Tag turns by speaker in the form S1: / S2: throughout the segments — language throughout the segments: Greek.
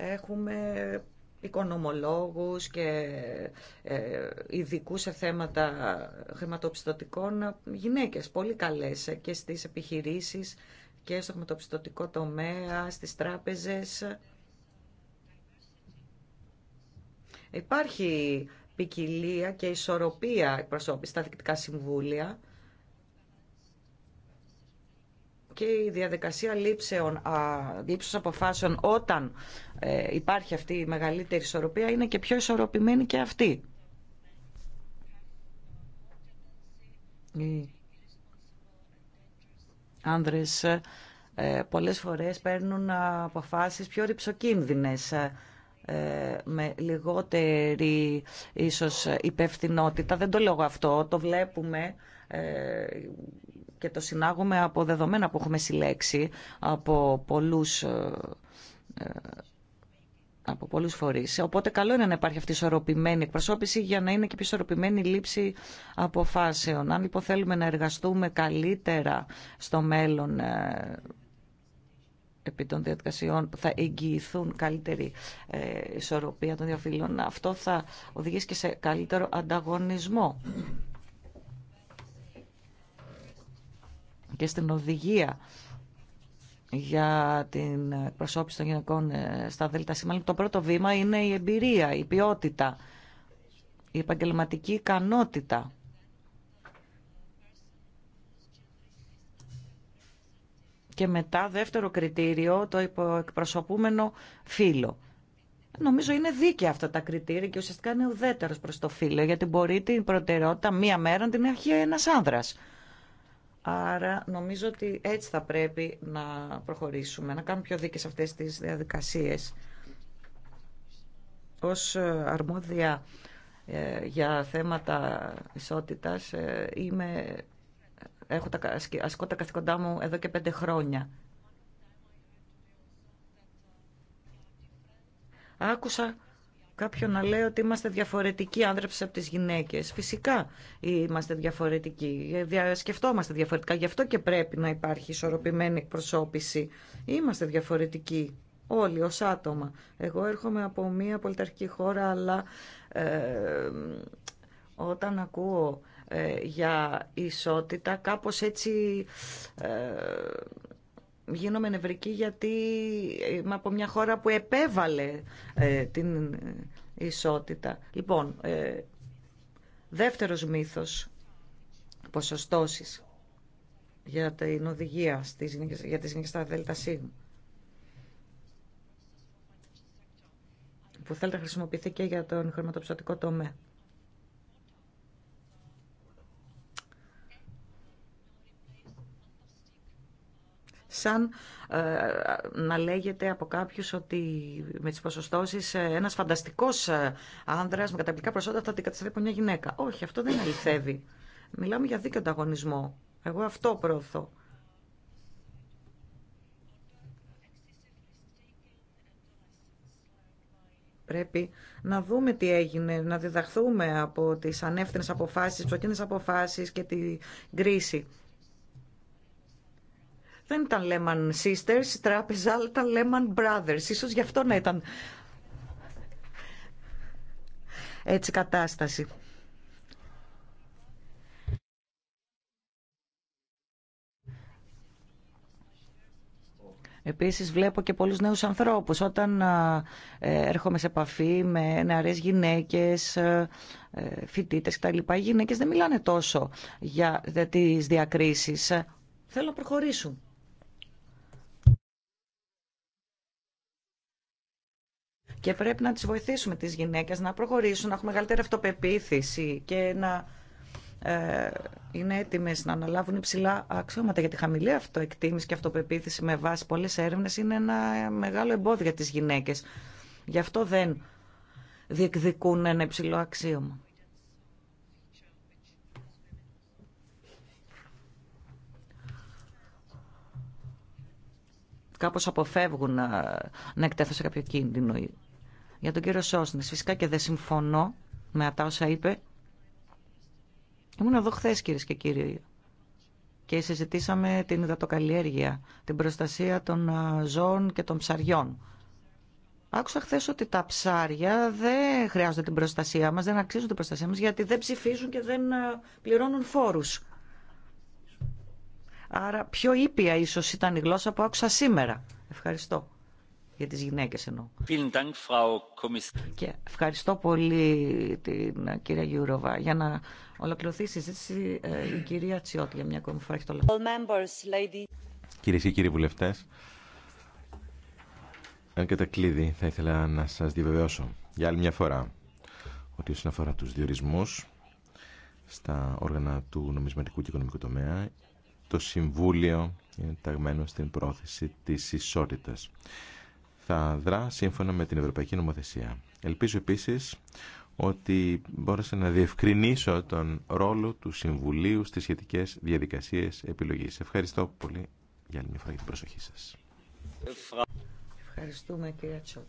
S1: Έχουμε οικονομολόγους και ε, ειδικού σε θέματα χρηματοπιστωτικών γυναίκες πολύ καλές και στις επιχειρήσεις και στο χρηματοπιστωτικό τομέα, στις τράπεζες. Υπάρχει ποικιλία και ισορροπία εκπροσώπηση στα διοικητικά συμβούλια και η διαδικασία λήψεων, α, αποφάσεων όταν ε, υπάρχει αυτή η μεγαλύτερη ισορροπία είναι και πιο ισορροπημένη και αυτή. Οι άνδρες ε, πολλές φορές παίρνουν αποφάσεις πιο ρηψοκίνδυνες ε, ε, με λιγότερη ίσως υπευθυνότητα. Δεν το λέω αυτό, το βλέπουμε και το συνάγουμε από δεδομένα που έχουμε συλλέξει από πολλούς ε, ε, από πολλούς φορείς. Οπότε καλό είναι να υπάρχει αυτή η ισορροπημένη εκπροσώπηση για να είναι και η ισορροπημένη λήψη αποφάσεων. Αν λοιπόν να εργαστούμε καλύτερα στο μέλλον ε, επί των διαδικασιών που θα εγγυηθούν καλύτερη ισορροπία των διαφύλων, αυτό θα οδηγήσει και σε καλύτερο ανταγωνισμό και στην οδηγία για την εκπροσώπηση των γυναικών ε, στα ΔΣ. Το πρώτο βήμα είναι η εμπειρία, η ποιότητα, η επαγγελματική ικανότητα. Και μετά, δεύτερο κριτήριο, το υποεκπροσωπούμενο φύλλο. Νομίζω είναι δίκαια αυτά τα κριτήρια και ουσιαστικά είναι ουδέτερο προς το φύλλο, γιατί μπορεί την προτεραιότητα μία μέρα να την έχει ένα άνδρας. Άρα νομίζω ότι έτσι θα πρέπει να προχωρήσουμε, να κάνουμε πιο δίκες αυτές τις διαδικασίες. Ως ε, αρμόδια ε, για θέματα ισότητας ε, είμαι, έχω τα, ασκώ τα καθηκοντά μου εδώ και πέντε χρόνια. Άκουσα κάποιον να λέει ότι είμαστε διαφορετικοί άνδρες από τις γυναίκες. Φυσικά είμαστε διαφορετικοί, σκεφτόμαστε διαφορετικά, γι' αυτό και πρέπει να υπάρχει ισορροπημένη εκπροσώπηση. Είμαστε διαφορετικοί όλοι ω άτομα. Εγώ έρχομαι από μια πολιταρχική χώρα, αλλά ε, όταν ακούω ε, για ισότητα, κάπως έτσι... Ε, γίνομαι νευρική γιατί είμαι από μια χώρα που επέβαλε ε, την ισότητα. Λοιπόν, ε, δεύτερος μύθος, ποσοστώσεις για την οδηγία στις, για τις γυναίκες στα που θέλετε να χρησιμοποιηθεί και για τον χρηματοπιστωτικό τομέα. σαν ε, να λέγεται από κάποιους ότι με τις ποσοστώσεις ε, ένας φανταστικός ε, άνδρας με καταπληκτικά προσόντα θα την από μια γυναίκα. Όχι, αυτό δεν αληθεύει. Μιλάμε για δίκαιο ανταγωνισμό. Εγώ αυτό προωθώ. Πρέπει να δούμε τι έγινε, να διδαχθούμε από τις ανεύθυνες αποφάσεις, τις αποφάσεις και την κρίση δεν ήταν Lehman Sisters η τράπεζα, αλλά ήταν Lehman Brothers. Ίσως γι' αυτό να ήταν έτσι κατάσταση. Επίσης βλέπω και πολλούς νέους ανθρώπους όταν ε, έρχομαι σε επαφή με νεαρές γυναίκες, ε, ε, φοιτήτες κτλ. Οι γυναίκες δεν μιλάνε τόσο για τις διακρίσεις. Θέλω να προχωρήσουν. Και πρέπει να τις βοηθήσουμε τις γυναίκες να προχωρήσουν, να έχουν μεγαλύτερη αυτοπεποίθηση και να ε, είναι έτοιμες να αναλάβουν υψηλά αξιώματα. Γιατί χαμηλή αυτοεκτίμηση και αυτοπεποίθηση με βάση πολλές έρευνες είναι ένα μεγάλο εμπόδιο για τις γυναίκες. Γι' αυτό δεν διεκδικούν ένα υψηλό αξίωμα. κάπως αποφεύγουν ε, να, να εκτέθουν σε κάποιο κίνδυνο για τον κύριο Σόσνη. φυσικά και δεν συμφωνώ με αυτά όσα είπε. Ήμουν εδώ χθε, κυρίε και κύριοι, και συζητήσαμε την υδατοκαλλιέργεια, την προστασία των ζώων και των ψαριών. Άκουσα χθε ότι τα ψάρια δεν χρειάζονται την προστασία μας, δεν αξίζουν την προστασία μας, γιατί δεν ψηφίζουν και δεν πληρώνουν φόρου. Άρα πιο ήπια ίσως ήταν η γλώσσα που άκουσα σήμερα. Ευχαριστώ για τις γυναίκες εννοώ. Και ευχαριστώ πολύ την κυρία Γιούροβα. Για να ολοκληρωθεί η συζήτηση, ε, η κυρία Τσιώτη για μια ακόμη φορά έχει το
S2: Κυρίες και κύριοι βουλευτές, αν και τα κλείδι θα ήθελα να σας διαβεβαιώσω για άλλη μια φορά ότι όσον αφορά τους διορισμούς στα όργανα του νομισματικού και οικονομικού τομέα το Συμβούλιο είναι ταγμένο στην πρόθεση της ισότητας θα δρά σύμφωνα με την Ευρωπαϊκή Νομοθεσία. Ελπίζω επίσης ότι μπόρεσα να διευκρινίσω τον ρόλο του Συμβουλίου στις σχετικές διαδικασίες επιλογής. Ευχαριστώ πολύ για άλλη μια την προσοχή σας.
S1: Ευχαριστούμε κύριε Τσότ.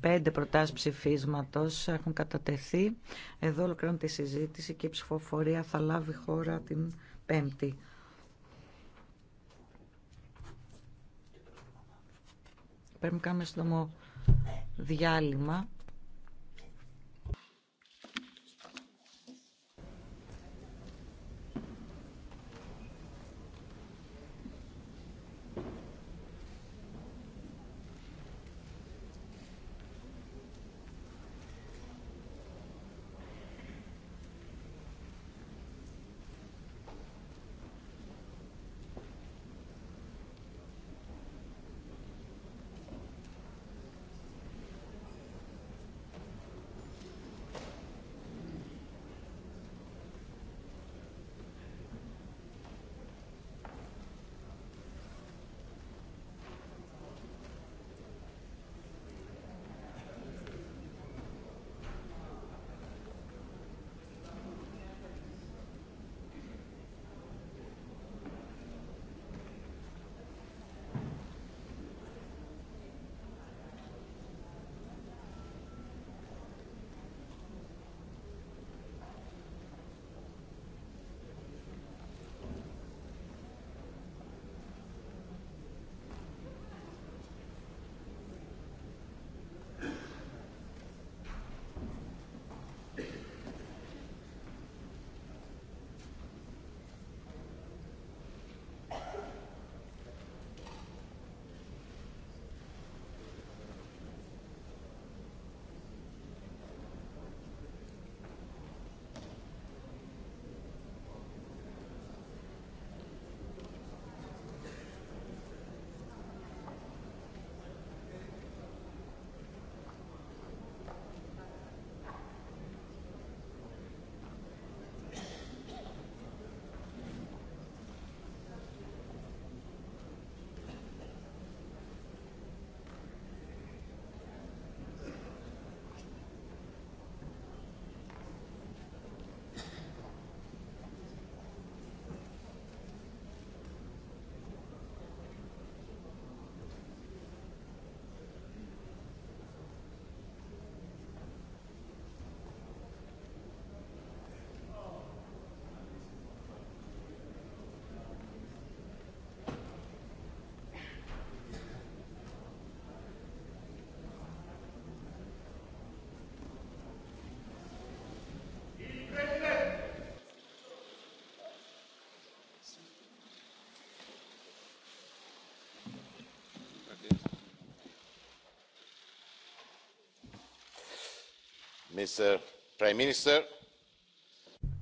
S1: Πέντε προτάσεις ψηφίσματος έχουν κατατεθεί. Εδώ ολοκληρώνω τη συζήτηση και η ψηφοφορία θα λάβει χώρα την Πέμπτη. Πρέπει να κάνουμε σύντομο διάλειμμα.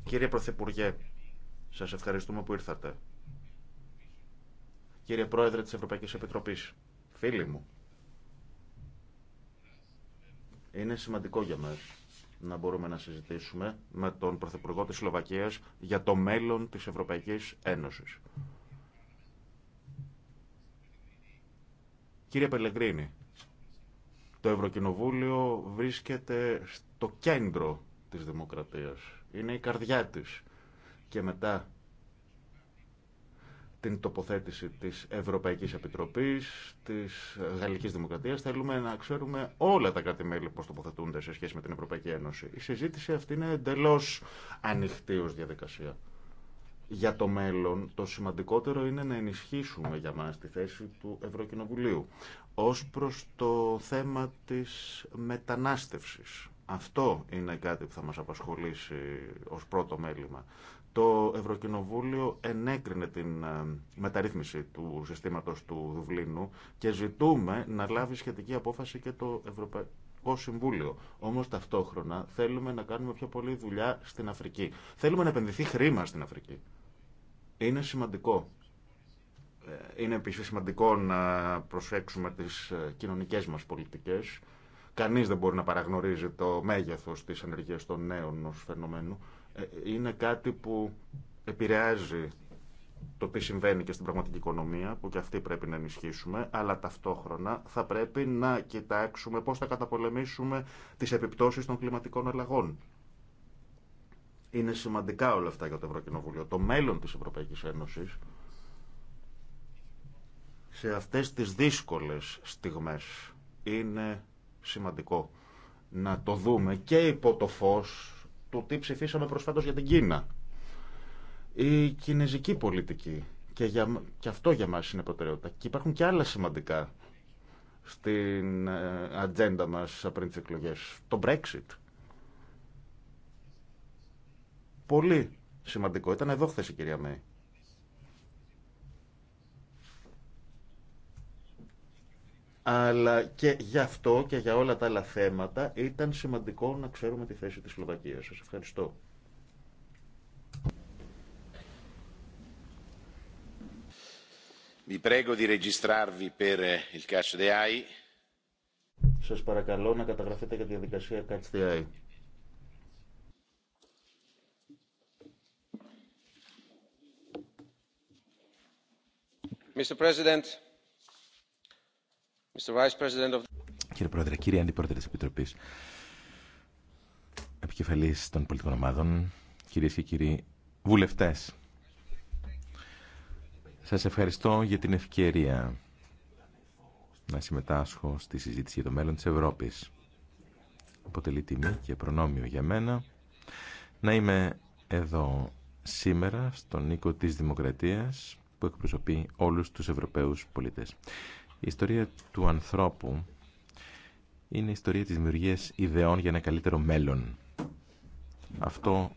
S3: Κύριε Πρωθυπουργέ, σας ευχαριστούμε που ήρθατε. Κύριε Πρόεδρε της Ευρωπαϊκής Επιτροπής, φίλοι μου, είναι σημαντικό για μας να μπορούμε να συζητήσουμε με τον Πρωθυπουργό της Σλοβακίας για το μέλλον της Ευρωπαϊκής Ένωσης. Κύριε Πελεγκρίνη, το Ευρωκοινοβούλιο βρίσκεται στο κέντρο της δημοκρατίας. Είναι η καρδιά της. Και μετά την τοποθέτηση της Ευρωπαϊκής Επιτροπής, της Γαλλικής Δημοκρατίας. Θέλουμε να ξέρουμε όλα τα κράτη-μέλη πώς τοποθετούνται σε σχέση με την Ευρωπαϊκή Ένωση. Η συζήτηση αυτή είναι εντελώς ανοιχτή ως διαδικασία για το μέλλον το σημαντικότερο είναι να ενισχύσουμε για μας τη θέση του Ευρωκοινοβουλίου ως προς το θέμα της μετανάστευσης. Αυτό είναι κάτι που θα μας απασχολήσει ως πρώτο μέλημα. Το Ευρωκοινοβούλιο ενέκρινε την ε, μεταρρύθμιση του συστήματος του Δουβλίνου και ζητούμε να λάβει σχετική απόφαση και το Ευρωπαϊκό Συμβούλιο. Όμως ταυτόχρονα θέλουμε να κάνουμε πιο πολλή δουλειά στην Αφρική. Θέλουμε να επενδυθεί χρήμα στην Αφρική είναι σημαντικό. Ε, είναι επίση σημαντικό να προσέξουμε τις ε, κοινωνικές μας πολιτικές. Κανείς δεν μπορεί να παραγνωρίζει το μέγεθος της ανεργίας των νέων ως φαινομένου. Ε, είναι κάτι που επηρεάζει το τι συμβαίνει και στην πραγματική οικονομία, που και αυτή πρέπει να ενισχύσουμε, αλλά ταυτόχρονα θα πρέπει να κοιτάξουμε πώς θα καταπολεμήσουμε τις επιπτώσεις των κλιματικών αλλαγών. Είναι σημαντικά όλα αυτά για το Ευρωκοινοβούλιο. Το μέλλον της Ευρωπαϊκής Ένωσης σε αυτές τις δύσκολες στιγμές είναι σημαντικό να το δούμε και υπό το φως του τι ψηφίσαμε προσφάτως για την Κίνα. Η κινέζικη πολιτική και, για, και αυτό για μας είναι προτεραιότητα. Και υπάρχουν και άλλα σημαντικά στην ε, ατζέντα μας πριν τις εκλογές. Το Brexit Πολύ σημαντικό. Ήταν εδώ χθε η κυρία Μέη. Αλλά και γι' αυτό και για όλα τα άλλα θέματα ήταν σημαντικό να ξέρουμε τη θέση της Σλοβακίας. Σας ευχαριστώ. Vi prego di registrarvi per eh, il Σας παρακαλώ να καταγραφείτε για τη διαδικασία Catch the Eye.
S2: Κύριε Πρόεδρε, κύριε Αντιπρόεδρε της Επιτροπής, επικεφαλής των πολιτικών ομάδων, κυρίες και κύριοι βουλευτές, σας ευχαριστώ για την ευκαιρία να συμμετάσχω στη συζήτηση για το μέλλον της Ευρώπης. Αποτελεί τιμή και προνόμιο για μένα να είμαι εδώ σήμερα στον οίκο της Δημοκρατίας που εκπροσωπεί όλους τους Ευρωπαίους πολίτες. Η ιστορία του ανθρώπου είναι η ιστορία της δημιουργία ιδεών για ένα καλύτερο μέλλον. Αυτό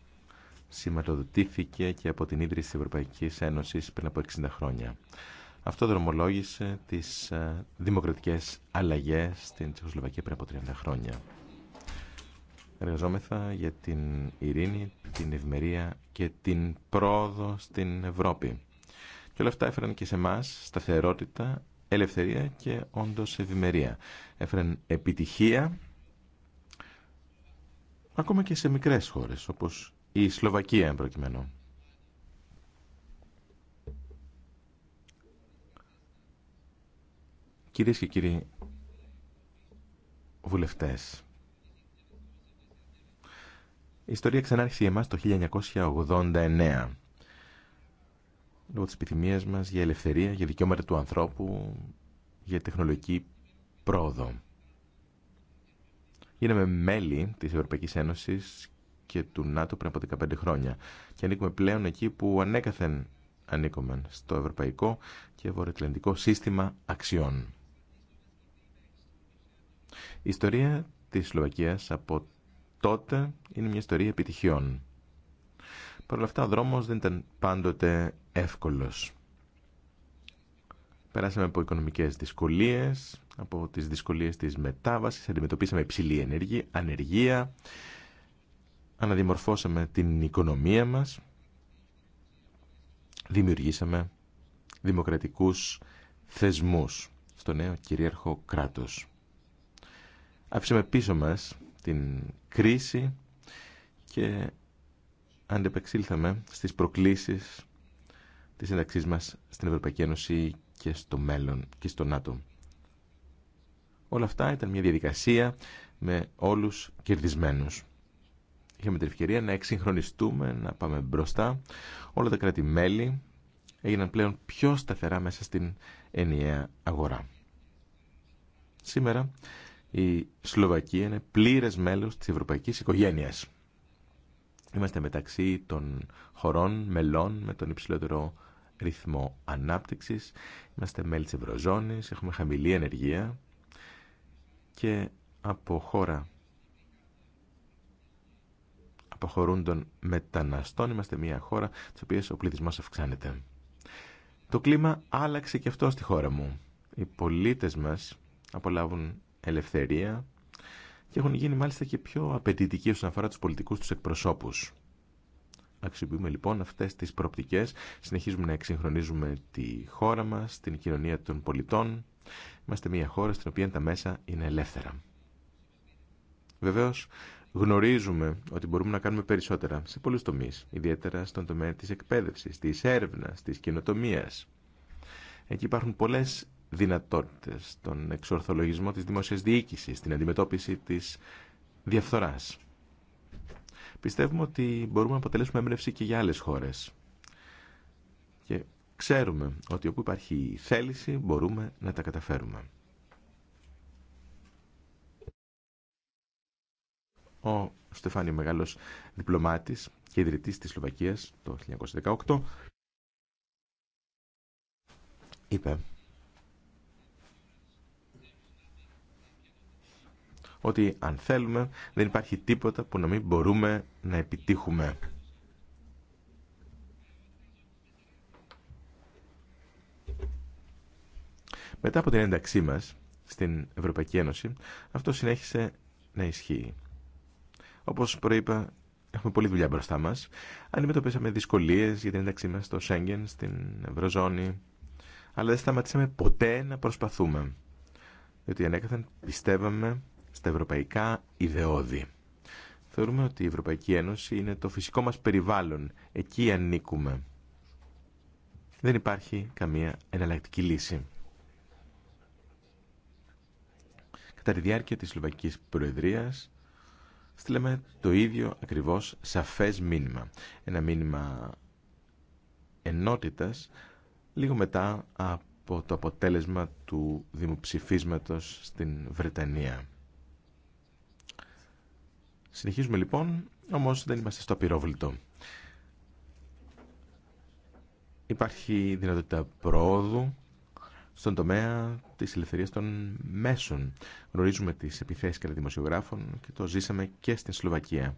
S2: σηματοδοτήθηκε και από την ίδρυση της Ευρωπαϊκής Ένωσης πριν από 60 χρόνια. Αυτό δρομολόγησε τις ε, δημοκρατικές αλλαγές στην Τσεχοσλοβακία πριν από 30 χρόνια. Εργαζόμεθα για την ειρήνη, την ευμερία και την πρόοδο στην Ευρώπη. Και όλα αυτά έφεραν και σε εμά σταθερότητα, ελευθερία και όντω ευημερία. Έφεραν επιτυχία ακόμα και σε μικρές χώρες όπως η Σλοβακία εν προκειμένου. Κυρίες και κύριοι βουλευτές, η ιστορία ξανάρχισε για εμάς το 1989 λόγω τη επιθυμία μας για ελευθερία, για δικαιώματα του ανθρώπου, για τεχνολογική πρόοδο. Γίναμε μέλη της Ευρωπαϊκής Ένωση και του ΝΑΤΟ πριν από 15 χρόνια και ανήκουμε πλέον εκεί που ανέκαθεν ανήκουμε στο ευρωπαϊκό και βορειοατλαντικό σύστημα αξιών. Η ιστορία της Σλοβακίας από τότε είναι μια ιστορία επιτυχιών. Παρ' όλα αυτά ο δρόμος δεν ήταν πάντοτε εύκολος. Περάσαμε από οικονομικές δυσκολίες, από τις δυσκολίες της μετάβασης, αντιμετωπίσαμε υψηλή ενέργεια, ανεργία, αναδημορφώσαμε την οικονομία μας, δημιουργήσαμε δημοκρατικούς θεσμούς στο νέο κυρίαρχο κράτος. Άφησαμε πίσω μας την κρίση και αντεπεξήλθαμε στις προκλήσεις της συνταξής μας στην Ευρωπαϊκή Ένωση και στο μέλλον και στο ΝΑΤΟ. Όλα αυτά ήταν μια διαδικασία με όλους κερδισμένους. Είχαμε την ευκαιρία να εξυγχρονιστούμε, να πάμε μπροστά. Όλα τα κράτη-μέλη έγιναν πλέον πιο σταθερά μέσα στην ενιαία αγορά. Σήμερα η Σλοβακία είναι πλήρες μέλος της ευρωπαϊκής οικογένειας. Είμαστε μεταξύ των χωρών μελών με τον υψηλότερο ρυθμό ανάπτυξης. Είμαστε μέλη της Ευρωζώνης, έχουμε χαμηλή ενεργεία και από χώρα αποχωρούν των μεταναστών. Είμαστε μια χώρα της οποίας ο πληθυσμός αυξάνεται. Το κλίμα άλλαξε και αυτό στη χώρα μου. Οι πολίτες μας απολάβουν ελευθερία, και έχουν γίνει μάλιστα και πιο απαιτητικοί όσον αφορά του πολιτικού του εκπροσώπους. Αξιοποιούμε λοιπόν αυτέ τι προοπτικέ, συνεχίζουμε να εξυγχρονίζουμε τη χώρα μα, την κοινωνία των πολιτών. Είμαστε μια χώρα στην οποία τα μέσα είναι ελεύθερα. Βεβαίω, γνωρίζουμε ότι μπορούμε να κάνουμε περισσότερα σε πολλού τομεί, ιδιαίτερα στον τομέα τη εκπαίδευση, τη έρευνα, τη καινοτομία. Εκεί υπάρχουν πολλέ δυνατότητες, τον εξορθολογισμό της δημόσιας διοίκησης, την αντιμετώπιση της διαφθοράς. Πιστεύουμε ότι μπορούμε να αποτελέσουμε έμπνευση και για άλλες χώρες. Και ξέρουμε ότι όπου υπάρχει θέληση μπορούμε να τα καταφέρουμε. Ο Στεφάνι Μεγάλος διπλωμάτης και ιδρυτής της Σλοβακίας το 1918 είπε ότι αν θέλουμε δεν υπάρχει τίποτα που να μην μπορούμε να επιτύχουμε. Μετά από την ένταξή μας στην Ευρωπαϊκή Ένωση, αυτό συνέχισε να ισχύει. Όπως προείπα, έχουμε πολλή δουλειά μπροστά μας. Αντιμετωπίσαμε δυσκολίες για την ένταξή μας στο Σέγγεν, στην Ευρωζώνη, αλλά δεν σταματήσαμε ποτέ να προσπαθούμε. Διότι ανέκαθεν πιστεύαμε στα ευρωπαϊκά ιδεώδη. Θεωρούμε ότι η Ευρωπαϊκή Ένωση είναι το φυσικό μας περιβάλλον. Εκεί ανήκουμε. Δεν υπάρχει καμία εναλλακτική λύση. Κατά τη διάρκεια της Σλοβακικής Προεδρίας στείλαμε το ίδιο ακριβώς σαφές μήνυμα. Ένα μήνυμα ενότητας λίγο μετά από το αποτέλεσμα του δημοψηφίσματος στην Βρετανία. Συνεχίζουμε λοιπόν, όμως δεν είμαστε στο απειρόβλητο. Υπάρχει δυνατότητα πρόοδου στον τομέα της ελευθερίας των μέσων. Γνωρίζουμε τις επιθέσεις κατά δημοσιογράφων και το ζήσαμε και στην Σλοβακία.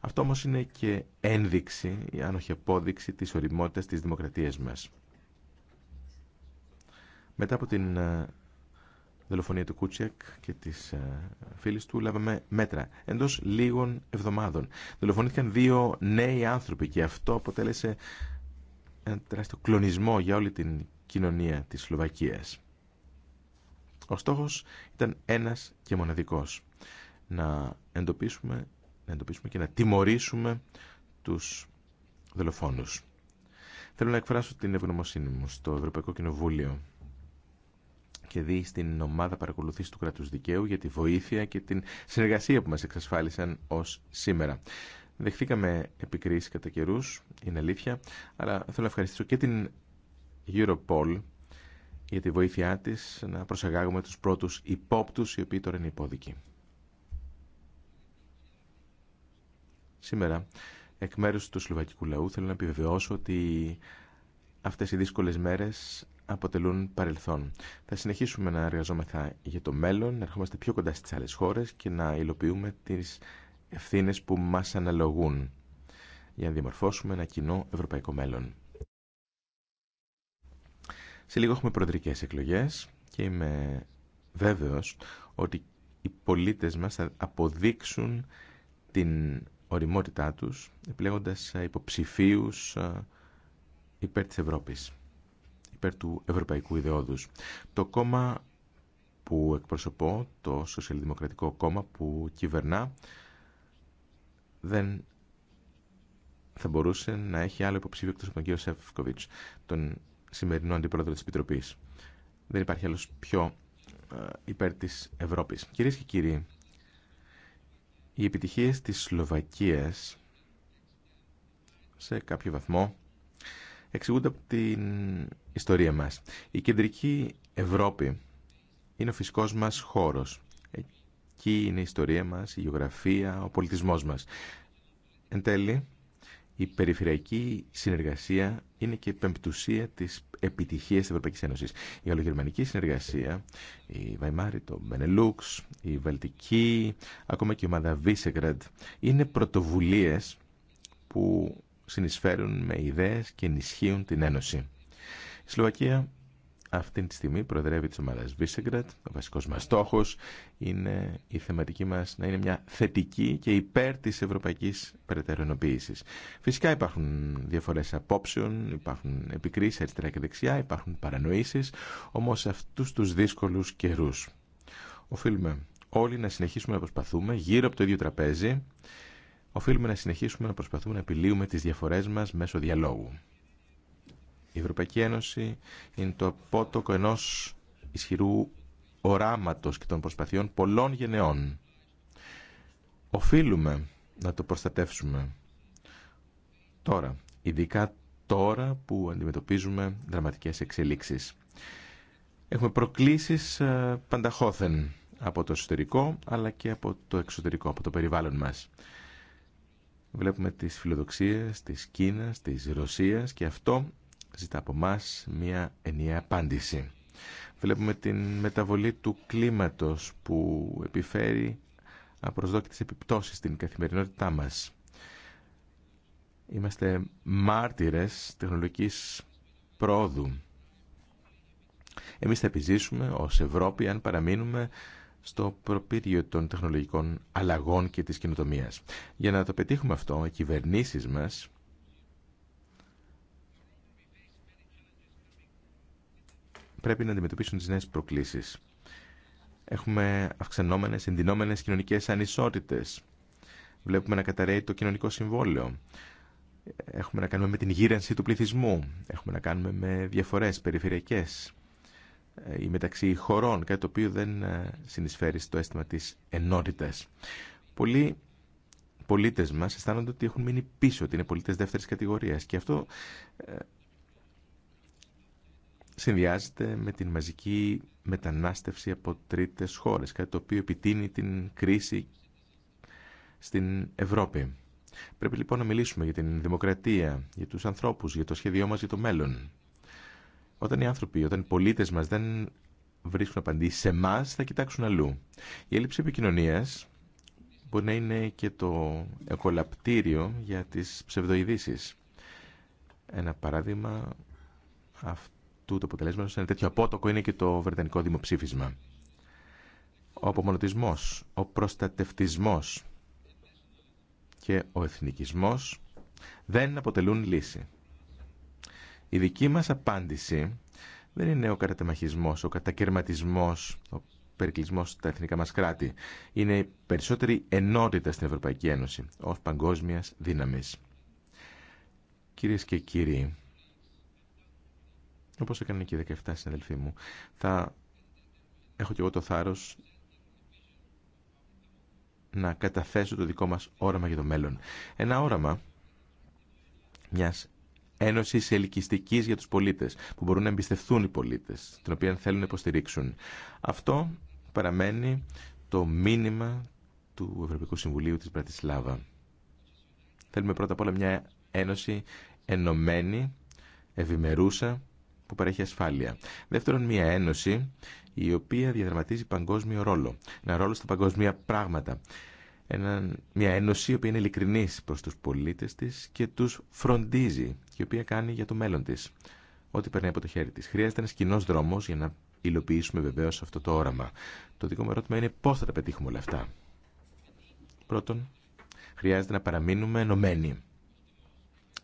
S2: Αυτό όμως είναι και ένδειξη, αν όχι απόδειξη, της οριμότητας της δημοκρατίας μας. Μετά από την ε, δολοφονία του Κούτσιακ και της ε, φίλη του λάβαμε μέτρα εντό λίγων εβδομάδων. Δολοφονήθηκαν δύο νέοι άνθρωποι και αυτό αποτέλεσε ένα τεράστιο κλονισμό για όλη την κοινωνία της Σλοβακίας. Ο στόχο ήταν ένας και μοναδικός. Να εντοπίσουμε, να εντοπίσουμε και να τιμωρήσουμε τους δολοφόνους. Θέλω να εκφράσω την ευγνωμοσύνη μου στο Ευρωπαϊκό Κοινοβούλιο και δει στην ομάδα παρακολουθήσης του κρατούς δικαίου για τη βοήθεια και την συνεργασία που μας εξασφάλισαν ως σήμερα. Δεχθήκαμε επικρίσεις κατά καιρού, είναι αλήθεια, αλλά θέλω να ευχαριστήσω και την Europol για τη βοήθειά της να προσαγάγουμε τους πρώτους υπόπτους οι οποίοι τώρα είναι υπόδικοι. Σήμερα, εκ μέρους του σλοβακικού λαού, θέλω να επιβεβαιώσω ότι αυτές οι δύσκολες μέρες αποτελούν παρελθόν. Θα συνεχίσουμε να εργαζόμεθα για το μέλλον, να ερχόμαστε πιο κοντά στις άλλες χώρες και να υλοποιούμε τις ευθύνες που μας αναλογούν για να διαμορφώσουμε ένα κοινό ευρωπαϊκό μέλλον. Σε λίγο έχουμε προεδρικές εκλογές και είμαι βέβαιος ότι οι πολίτες μας θα αποδείξουν την οριμότητά τους επιλέγοντας υποψηφίους ε, υπέρ της Ευρώπης υπέρ του Ευρωπαϊκού Ιδεώδους. Το κόμμα που εκπροσωπώ, το Σοσιαλδημοκρατικό Κόμμα που κυβερνά, δεν θα μπορούσε να έχει άλλο υποψήφιο εκτό από τον κύριο Σεφκοβίτς, τον σημερινό αντιπρόεδρο της Επιτροπής. Δεν υπάρχει άλλος πιο ε, υπέρ της Ευρώπης. Κυρίες και κύριοι, οι επιτυχίες της Σλοβακίας σε κάποιο βαθμό εξηγούνται από την ιστορία μας. Η κεντρική Ευρώπη είναι ο φυσικός μας χώρος. Εκεί είναι η ιστορία μας, η γεωγραφία, ο πολιτισμός μας. Εν τέλει, η περιφερειακή συνεργασία είναι και η πεμπτουσία της επιτυχίας της Ευρωπαϊκής Ένωσης. Η γαλλογερμανική συνεργασία, η Βαϊμάρη, το Μπενελούξ, η Βαλτική, ακόμα και η ομάδα είναι πρωτοβουλίες που συνεισφέρουν με ιδέες και ενισχύουν την Ένωση. Η Σλοβακία αυτή τη στιγμή προεδρεύει τη ομάδα Βίσεγκρατ. Ο βασικό μα στόχο είναι η θεματική μα να είναι μια θετική και υπέρ τη ευρωπαϊκή περαιτερωνοποίηση. Φυσικά υπάρχουν διαφορέ απόψεων, υπάρχουν επικρίσει αριστερά και δεξιά, υπάρχουν παρανοήσει, όμω σε αυτού του δύσκολου καιρού οφείλουμε όλοι να συνεχίσουμε να προσπαθούμε γύρω από το ίδιο τραπέζι Οφείλουμε να συνεχίσουμε να προσπαθούμε να επιλύουμε τις διαφορές μας μέσω διαλόγου. Η Ευρωπαϊκή Ένωση είναι το απότοκο ενός ισχυρού οράματος και των προσπαθειών πολλών γενεών. Οφείλουμε να το προστατεύσουμε τώρα, ειδικά τώρα που αντιμετωπίζουμε δραματικές εξελίξεις. Έχουμε προκλήσεις ε, πανταχώθεν από το εσωτερικό αλλά και από το εξωτερικό, από το περιβάλλον μας. Βλέπουμε τις φιλοδοξίες της Κίνας, της Ρωσίας και αυτό ζητά από εμά μια ενιαία απάντηση. Βλέπουμε την μεταβολή του κλίματος που επιφέρει απροσδόκητες επιπτώσεις στην καθημερινότητά μας. Είμαστε μάρτυρες τεχνολογικής πρόοδου. Εμείς θα επιζήσουμε ως Ευρώπη αν παραμείνουμε στο προπήριο των τεχνολογικών αλλαγών και της καινοτομία. Για να το πετύχουμε αυτό, οι κυβερνήσεις μας πρέπει να αντιμετωπίσουν τις νέες προκλήσεις. Έχουμε αυξανόμενες, ενδυνόμενες κοινωνικές ανισότητες. Βλέπουμε να καταραίει το κοινωνικό συμβόλαιο. Έχουμε να κάνουμε με την γύρανση του πληθυσμού. Έχουμε να κάνουμε με διαφορές περιφερειακές ε, ή μεταξύ χωρών, κάτι το οποίο δεν ε, συνεισφέρει στο αίσθημα της ενότητας. Πολλοί πολίτες μας αισθάνονται ότι έχουν μείνει πίσω, ότι είναι πολίτες δεύτερης κατηγορίας και αυτό ε, συνδυάζεται με την μαζική μετανάστευση από τρίτες χώρες, κάτι το οποίο επιτείνει την κρίση στην Ευρώπη. Πρέπει λοιπόν να μιλήσουμε για την δημοκρατία, για τους ανθρώπους, για το σχέδιό μας, για το μέλλον. Όταν οι άνθρωποι, όταν οι πολίτε μα δεν βρίσκουν απαντήσει σε εμά, θα κοιτάξουν αλλού. Η έλλειψη επικοινωνία μπορεί να είναι και το εκολαπτήριο για τις ψευδοειδήσει. Ένα παράδειγμα αυτού του αποτελέσματο, ένα τέτοιο απότοκο είναι και το βρετανικό δημοψήφισμα. Ο απομονωτισμός, ο προστατευτισμός και ο εθνικισμός δεν αποτελούν λύση. Η δική μας απάντηση δεν είναι ο κατατεμαχισμός, ο κατακαιρματισμός, ο περικλεισμός στα εθνικά μας κράτη. Είναι η περισσότερη ενότητα στην Ευρωπαϊκή Ένωση ως παγκόσμιας δύναμης. Κυρίες και κύριοι, όπως έκανε και οι 17 συναδελφοί μου, θα έχω και εγώ το θάρρος να καταθέσω το δικό μας όραμα για το μέλλον. Ένα όραμα μιας Ένωση ελκυστική για του πολίτε, που μπορούν να εμπιστευθούν οι πολίτε, την οποία θέλουν να υποστηρίξουν. Αυτό παραμένει το μήνυμα του Ευρωπαϊκού Συμβουλίου της Πρατισλάβα. Θέλουμε πρώτα απ' όλα μια ένωση ενωμένη, ευημερούσα, που παρέχει ασφάλεια. Δεύτερον, μια ένωση η οποία διαδραματίζει παγκόσμιο ρόλο. Ένα ρόλο στα παγκόσμια πράγματα ένα, μια ένωση η οποία είναι ειλικρινής προς τους πολίτες της και τους φροντίζει και η οποία κάνει για το μέλλον της ό,τι περνάει από το χέρι της. Χρειάζεται ένας κοινό δρόμος για να υλοποιήσουμε βεβαίως αυτό το όραμα. Το δικό μου ερώτημα είναι πώς θα τα πετύχουμε όλα αυτά. Πρώτον, χρειάζεται να παραμείνουμε ενωμένοι.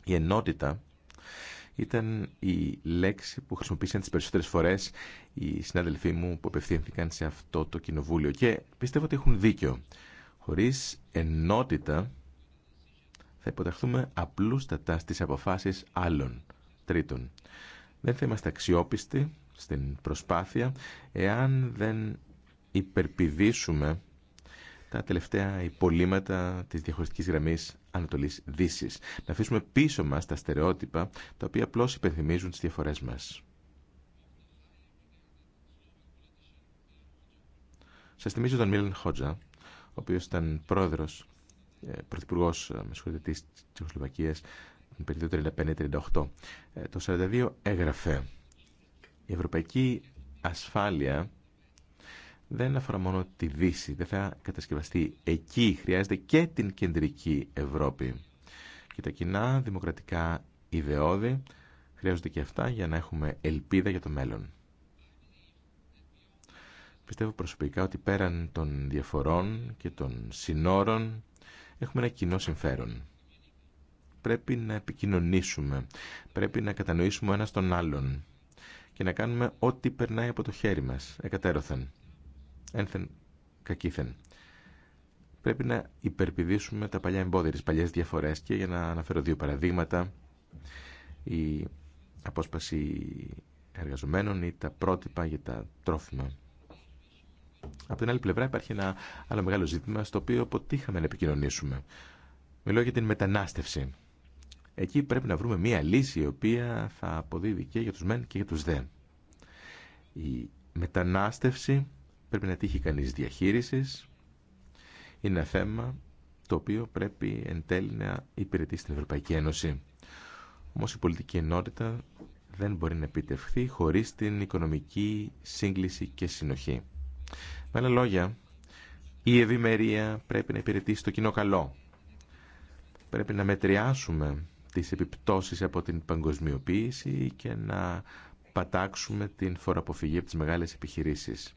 S2: Η ενότητα ήταν η λέξη που χρησιμοποίησαν τις περισσότερες φορές οι συνάδελφοί μου που απευθύνθηκαν σε αυτό το κοινοβούλιο και πιστεύω ότι έχουν δίκιο. Χωρίς ενότητα θα υποταχθούμε απλούστατα στις αποφάσεις άλλων τρίτων. Δεν θα είμαστε αξιόπιστοι στην προσπάθεια εάν δεν υπερπηδήσουμε τα τελευταία υπολείμματα της διαχωριστικής γραμμής Ανατολής Δύσης. Να αφήσουμε πίσω μας τα στερεότυπα τα οποία απλώς υπενθυμίζουν τις διαφορές μας. Σας θυμίζω τον Μίλεν Χότζα ο οποίος ήταν πρόεδρος, ε, πρωθυπουργός, ε, με συγχωρείτε, της Τσεχοσλοβακίας, την περίοδο Το 42 ε, έγραφε «Η ευρωπαϊκή ασφάλεια δεν αφορά μόνο τη Δύση, δεν θα κατασκευαστεί εκεί, χρειάζεται και την κεντρική Ευρώπη. Και τα κοινά δημοκρατικά ιδεώδη χρειάζονται και αυτά για να έχουμε ελπίδα για το μέλλον. Πιστεύω προσωπικά ότι πέραν των διαφορών και των συνόρων έχουμε ένα κοινό συμφέρον. Πρέπει να επικοινωνήσουμε, πρέπει να κατανοήσουμε ένα τον άλλον και να κάνουμε ό,τι περνάει από το χέρι μας, εκατέρωθεν, ένθεν, κακήθεν. Πρέπει να υπερπηδήσουμε τα παλιά εμπόδια, τις παλιές διαφορές και για να αναφέρω δύο παραδείγματα, η απόσπαση εργαζομένων ή τα πρότυπα για τα τρόφιμα. Από την άλλη πλευρά υπάρχει ένα άλλο μεγάλο ζήτημα στο οποίο αποτύχαμε να επικοινωνήσουμε. Μιλώ για την μετανάστευση. Εκεί πρέπει να βρούμε μία λύση η οποία θα αποδίδει και για τους μεν και για τους δε. Η μετανάστευση πρέπει να τύχει κανείς διαχείρισης. Είναι ένα θέμα το οποίο πρέπει εν τέλει να υπηρετεί στην Ευρωπαϊκή Ένωση. Όμως η πολιτική ενότητα δεν μπορεί να επιτευχθεί χωρίς την οικονομική σύγκληση και συνοχή. Με άλλα λόγια, η ευημερία πρέπει να υπηρετήσει το κοινό καλό. Πρέπει να μετριάσουμε τις επιπτώσεις από την παγκοσμιοποίηση και να πατάξουμε την φοροαποφυγή από τις μεγάλες επιχειρήσεις.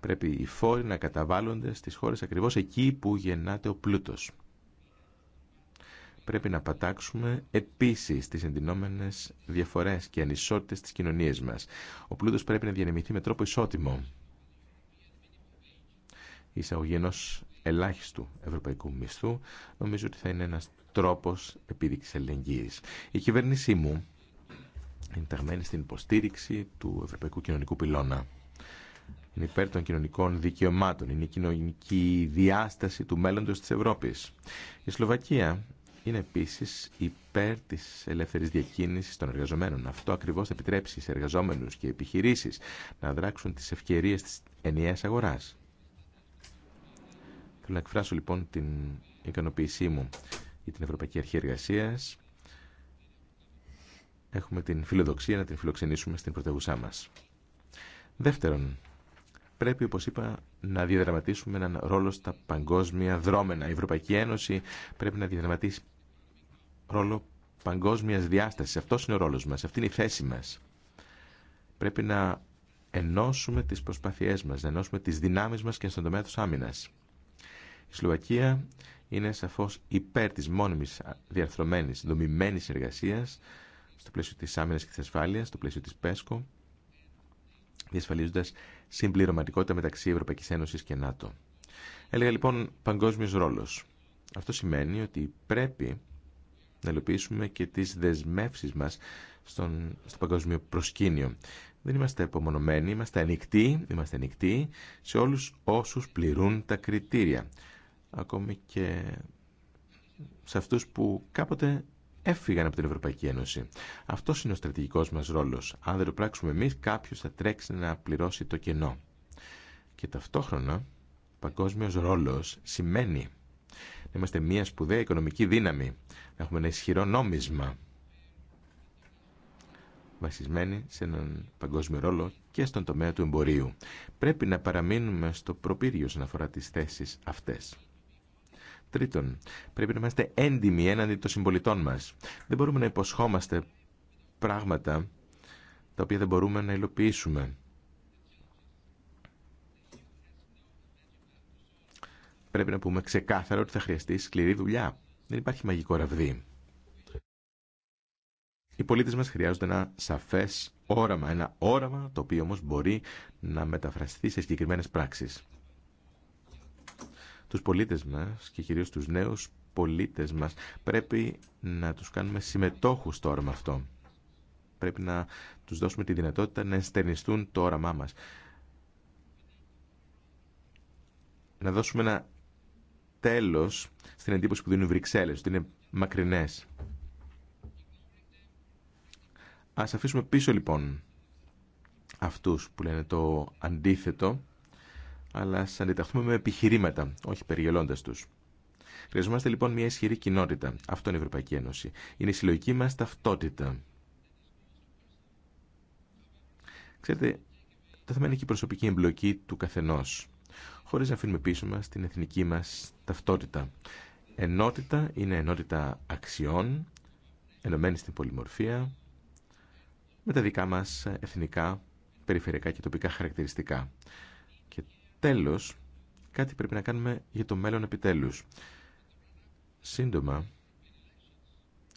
S2: Πρέπει οι φόροι να καταβάλλονται στις χώρες ακριβώς εκεί που γεννάται ο πλούτος. Πρέπει να πατάξουμε επίσης τις εντυνόμενες διαφορές και ανισότητες της κοινωνίας μας. Ο πλούτος πρέπει να διανεμηθεί με τρόπο ισότιμο εισαγωγή ενό ελάχιστου ευρωπαϊκού μισθού νομίζω ότι θα είναι ένα τρόπο επίδειξη ελεγγύης. Η κυβέρνησή μου είναι ενταγμένη στην υποστήριξη του ευρωπαϊκού κοινωνικού πυλώνα. Είναι υπέρ των κοινωνικών δικαιωμάτων, είναι η κοινωνική διάσταση του μέλλοντος της Ευρώπης. Η Σλοβακία είναι επίσης υπέρ της ελεύθερης διακίνησης των εργαζομένων. Αυτό ακριβώς θα επιτρέψει σε εργαζόμενους και επιχειρήσεις να δράξουν τις ευκαιρίες τη ενιαία αγορά. Θέλω να εκφράσω λοιπόν την ικανοποίησή μου για την Ευρωπαϊκή Αρχή Εργασία. Έχουμε την φιλοδοξία να την φιλοξενήσουμε στην πρωτεύουσά μα. Δεύτερον, πρέπει, όπω είπα, να διαδραματίσουμε έναν ρόλο στα παγκόσμια δρόμενα. Η Ευρωπαϊκή Ένωση πρέπει να διαδραματίσει ρόλο παγκόσμια διάσταση. Αυτό είναι ο ρόλο μα, αυτή είναι η θέση μα. Πρέπει να ενώσουμε τι προσπάθειέ μα, να ενώσουμε τι δυνάμει μα και στον τομέα τη άμυνα. Η Σλοβακία είναι σαφώς υπέρ της μόνιμης διαρθρωμένης, δομημένης εργασίας στο πλαίσιο της Άμυνα και της ασφάλειας, στο πλαίσιο της ΠΕΣΚΟ, διασφαλίζοντας συμπληρωματικότητα μεταξύ Ευρωπαϊκής Ένωσης και ΝΑΤΟ. Έλεγα λοιπόν παγκόσμιος ρόλος. Αυτό σημαίνει ότι πρέπει να ελοπίσουμε και τις δεσμεύσεις μας στο παγκόσμιο προσκήνιο. Δεν είμαστε απομονωμένοι, είμαστε ανοιχτοί, είμαστε ανοιχτοί σε όλους όσους πληρούν τα κριτήρια ακόμη και σε αυτούς που κάποτε έφυγαν από την Ευρωπαϊκή Ένωση. Αυτό είναι ο στρατηγικός μας ρόλος. Αν δεν το πράξουμε εμείς, κάποιος θα τρέξει να πληρώσει το κενό. Και ταυτόχρονα, παγκόσμιος ρόλος σημαίνει να είμαστε μια σπουδαία οικονομική δύναμη, να έχουμε ένα ισχυρό νόμισμα, Βασισμένοι σε έναν παγκόσμιο ρόλο και στον τομέα του εμπορίου. Πρέπει να παραμείνουμε στο προπύριο σαν αφορά τις θέσεις αυτές. Τρίτον, πρέπει να είμαστε έντιμοι έναντι των συμπολιτών μας. Δεν μπορούμε να υποσχόμαστε πράγματα τα οποία δεν μπορούμε να υλοποιήσουμε. Πρέπει να πούμε ξεκάθαρα ότι θα χρειαστεί σκληρή δουλειά. Δεν υπάρχει μαγικό ραβδί. Οι πολίτες μας χρειάζονται ένα σαφές όραμα, ένα όραμα το οποίο όμως μπορεί να μεταφραστεί σε συγκεκριμένες πράξεις τους πολίτες μας και κυρίως τους νέους πολίτες μας. Πρέπει να τους κάνουμε συμμετόχους στο όραμα αυτό. Πρέπει να τους δώσουμε τη δυνατότητα να ενστερνιστούν το όραμά μας. Να δώσουμε ένα τέλος στην εντύπωση που δίνουν οι Βρυξέλλες, ότι είναι μακρινές. Ας αφήσουμε πίσω λοιπόν αυτούς που λένε το αντίθετο αλλά ας αντιταχθούμε με επιχειρήματα, όχι περιγελώντας τους. Χρειαζόμαστε λοιπόν μια ισχυρή κοινότητα. Αυτό είναι η Ευρωπαϊκή Ένωση. Είναι η συλλογική μας ταυτότητα. Ξέρετε, το θέμα είναι και η προσωπική εμπλοκή του καθενός, χωρίς να αφήνουμε πίσω μας την εθνική μας ταυτότητα. Ενότητα είναι ενότητα αξιών, ενωμένη στην πολυμορφία, με τα δικά μας εθνικά, περιφερειακά και τοπικά χαρακτηριστικά. Τέλος, κάτι πρέπει να κάνουμε για το μέλλον επιτέλους. Σύντομα,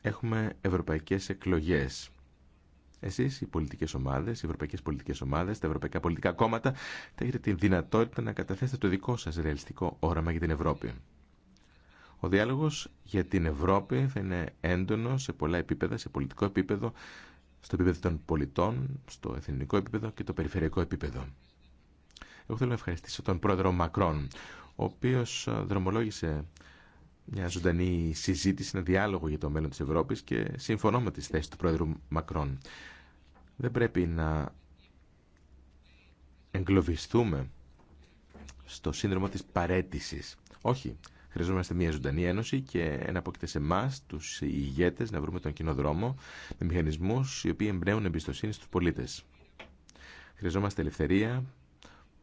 S2: έχουμε ευρωπαϊκές εκλογές. Εσείς, οι πολιτικές ομάδες, οι ευρωπαϊκές πολιτικές ομάδες, τα ευρωπαϊκά πολιτικά κόμματα, θα έχετε τη δυνατότητα να καταθέσετε το δικό σας ρεαλιστικό όραμα για την Ευρώπη. Ο διάλογος για την Ευρώπη θα είναι έντονο σε πολλά επίπεδα, σε πολιτικό επίπεδο, στο επίπεδο των πολιτών, στο εθνικό επίπεδο και το περιφερειακό επίπεδο. Εγώ θέλω να ευχαριστήσω τον πρόεδρο Μακρόν, ο οποίο ε, δρομολόγησε μια ζωντανή συζήτηση, ένα διάλογο για το μέλλον τη Ευρώπη και συμφωνώ με τι θέσει του πρόεδρου Μακρόν. Δεν πρέπει να εγκλωβιστούμε στο σύνδρομο της παρέτησης. Όχι, χρειαζόμαστε μια ζωντανή ένωση και να σε εμά, του ηγέτε, να βρούμε τον κοινό δρόμο με μηχανισμού οι οποίοι εμπνέουν εμπιστοσύνη στου πολίτε. Χρειαζόμαστε ελευθερία,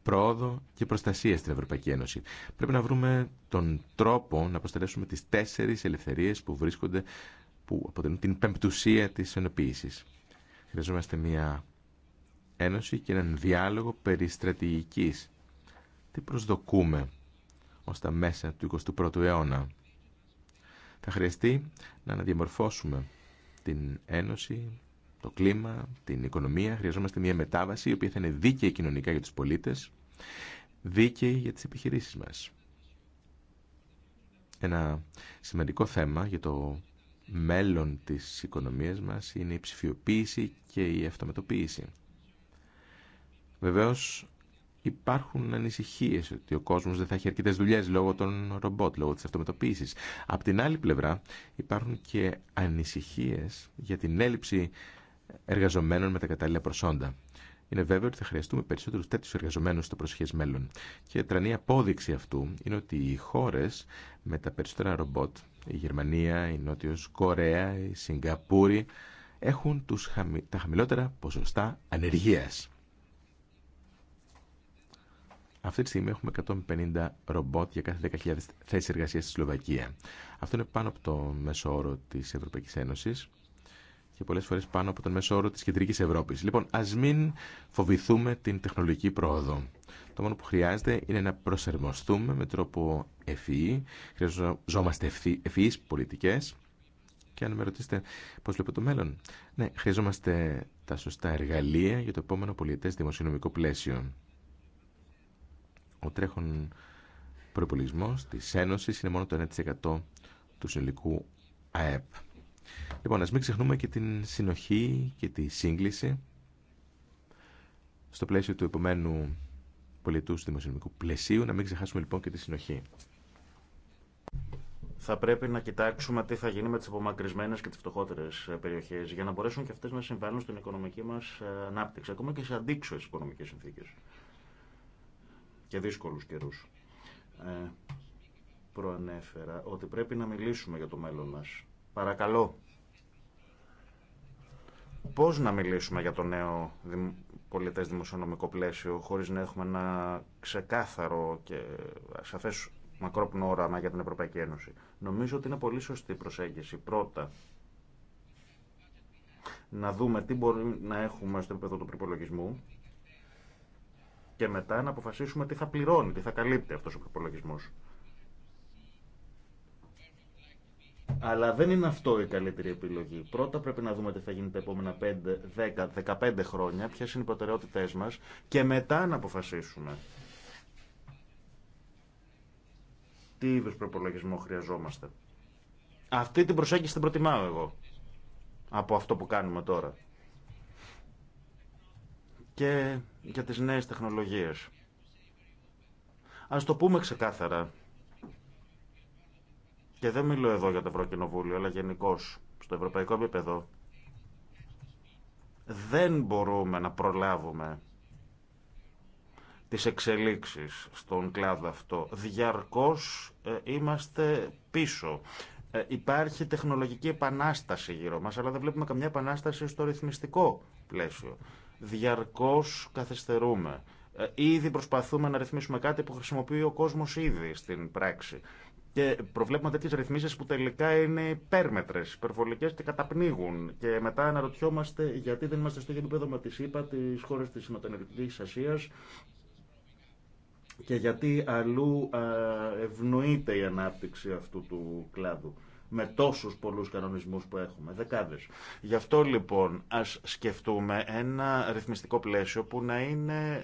S2: πρόοδο και προστασία στην Ευρωπαϊκή Ένωση. Πρέπει να βρούμε τον τρόπο να αποστελέσουμε τις τέσσερις ελευθερίες που βρίσκονται, που αποτελούν την πεμπτουσία της ενοποίησης. Χρειαζόμαστε μια ένωση και έναν διάλογο περί στρατηγικής. Τι προσδοκούμε ως τα μέσα του 21ου αιώνα. Θα χρειαστεί να αναδιαμορφώσουμε την Ένωση το κλίμα, την οικονομία. Χρειαζόμαστε μια μετάβαση η οποία θα είναι δίκαιη κοινωνικά για τους πολίτες, δίκαιη για τις επιχειρήσεις μας. Ένα σημαντικό θέμα για το μέλλον της οικονομίας μας είναι η ψηφιοποίηση και η αυτομετοποίηση. Βεβαίως υπάρχουν ανησυχίες ότι ο κόσμος δεν θα έχει αρκετές δουλειές λόγω των ρομπότ, λόγω της αυτομετοποίησης. Απ' την άλλη πλευρά υπάρχουν και ανησυχίες για την έλλειψη εργαζομένων με τα κατάλληλα προσόντα. Είναι βέβαιο ότι θα χρειαστούμε περισσότερου τέτοιου εργαζομένου στο προσχέ μέλλον. Και τρανή απόδειξη αυτού είναι ότι οι χώρε με τα περισσότερα ρομπότ, η Γερμανία, η Νότιο Κορέα, η Σιγκαπούρη, έχουν τους χαμη... τα χαμηλότερα ποσοστά ανεργία. Αυτή τη στιγμή έχουμε 150 ρομπότ για κάθε 10.000 θέσει εργασία στη Σλοβακία. Αυτό είναι πάνω από το μέσο όρο τη Ευρωπαϊκή Ένωση και πολλές φορές πάνω από τον μέσο όρο της κεντρικής Ευρώπης. Λοιπόν, ας μην φοβηθούμε την τεχνολογική πρόοδο. Το μόνο που χρειάζεται είναι να προσαρμοστούμε με τρόπο ευφυή. Χρειαζόμαστε ευφυείς πολιτικές. Και αν με ρωτήσετε πώς βλέπω το μέλλον. Ναι, χρειαζόμαστε τα σωστά εργαλεία για το επόμενο πολιετές δημοσιονομικό πλαίσιο. Ο τρέχον προπολογισμό της Ένωσης είναι μόνο το 1% του συνολικού ΑΕΠ. Λοιπόν, ας μην ξεχνούμε και την συνοχή και τη σύγκληση στο πλαίσιο του επομένου πολιτού δημοσιονομικού πλαισίου, να μην ξεχάσουμε λοιπόν και τη συνοχή.
S3: Θα πρέπει να κοιτάξουμε τι θα γίνει με τι απομακρυσμένε και τι φτωχότερε περιοχέ για να μπορέσουν και αυτέ να συμβάλλουν στην οικονομική μα ε, ανάπτυξη, ακόμα και σε αντίξωε οικονομικέ συνθήκε και δύσκολου καιρού. Ε, προανέφερα ότι πρέπει να μιλήσουμε για το μέλλον μας Παρακαλώ. Πώς να μιλήσουμε για το νέο πολιτές δημοσιονομικό πλαίσιο χωρίς να έχουμε ένα ξεκάθαρο και σαφές μακρόπνο όραμα για την Ευρωπαϊκή Ένωση. Νομίζω ότι είναι πολύ σωστή η προσέγγιση. Πρώτα, να δούμε τι μπορεί να έχουμε στο επίπεδο του προπολογισμού και μετά να αποφασίσουμε τι θα πληρώνει, τι θα καλύπτει αυτός ο προπολογισμό. Αλλά δεν είναι αυτό η καλύτερη επιλογή. Πρώτα πρέπει να δούμε τι θα γίνει τα επόμενα 5, 10, 15 χρόνια, ποιε είναι οι προτεραιότητέ μα και μετά να αποφασίσουμε τι είδου προπολογισμό χρειαζόμαστε. Αυτή την προσέγγιση την προτιμάω εγώ από αυτό που κάνουμε τώρα. Και για τις νέες τεχνολογίες. Ας το πούμε ξεκάθαρα και δεν μιλώ εδώ για το Ευρωκοινοβούλιο, αλλά γενικώ στο ευρωπαϊκό επίπεδο, δεν μπορούμε να προλάβουμε τις εξελίξεις στον κλάδο αυτό. Διαρκώς ε, είμαστε πίσω. Ε, υπάρχει τεχνολογική επανάσταση γύρω μας, αλλά δεν βλέπουμε καμιά επανάσταση στο ρυθμιστικό πλαίσιο. Διαρκώς καθυστερούμε. Ε, ήδη προσπαθούμε να ρυθμίσουμε κάτι που χρησιμοποιεί ο κόσμος ήδη στην πράξη. Και προβλέπουμε τέτοιε ρυθμίσει που τελικά είναι υπέρμετρε, υπερβολικέ και καταπνίγουν. Και μετά αναρωτιόμαστε γιατί δεν είμαστε στο ίδιο επίπεδο με τη ΗΠΑ, τι χώρε τη Νοτιοανατολική Ασία και γιατί αλλού ε, ευνοείται η ανάπτυξη αυτού του κλάδου με τόσους πολλούς κανονισμούς που έχουμε, δεκάδες. Γι' αυτό λοιπόν ας σκεφτούμε ένα ρυθμιστικό πλαίσιο που να είναι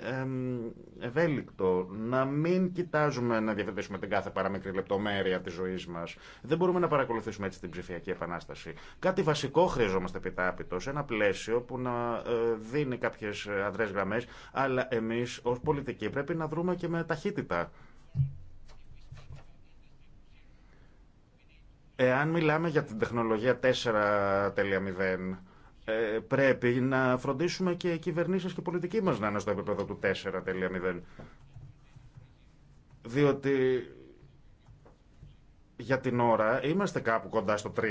S3: ευέλικτο, να μην κοιτάζουμε να διαβεβαιώσουμε την κάθε παραμικρή λεπτομέρεια της ζωής μας. Δεν μπορούμε να παρακολουθήσουμε έτσι την ψηφιακή επανάσταση. Κάτι βασικό χρειαζόμαστε σε ένα πλαίσιο που να ε, δίνει κάποιες ε, αδρές γραμμές, αλλά εμείς ως πολιτικοί πρέπει να δρούμε και με ταχύτητα. Εάν μιλάμε για την τεχνολογία 4.0, ε, πρέπει να φροντίσουμε και οι κυβερνήσεις και οι πολιτικοί μας να είναι στο επίπεδο του 4.0. Διότι για την ώρα είμαστε κάπου κοντά στο 3.0,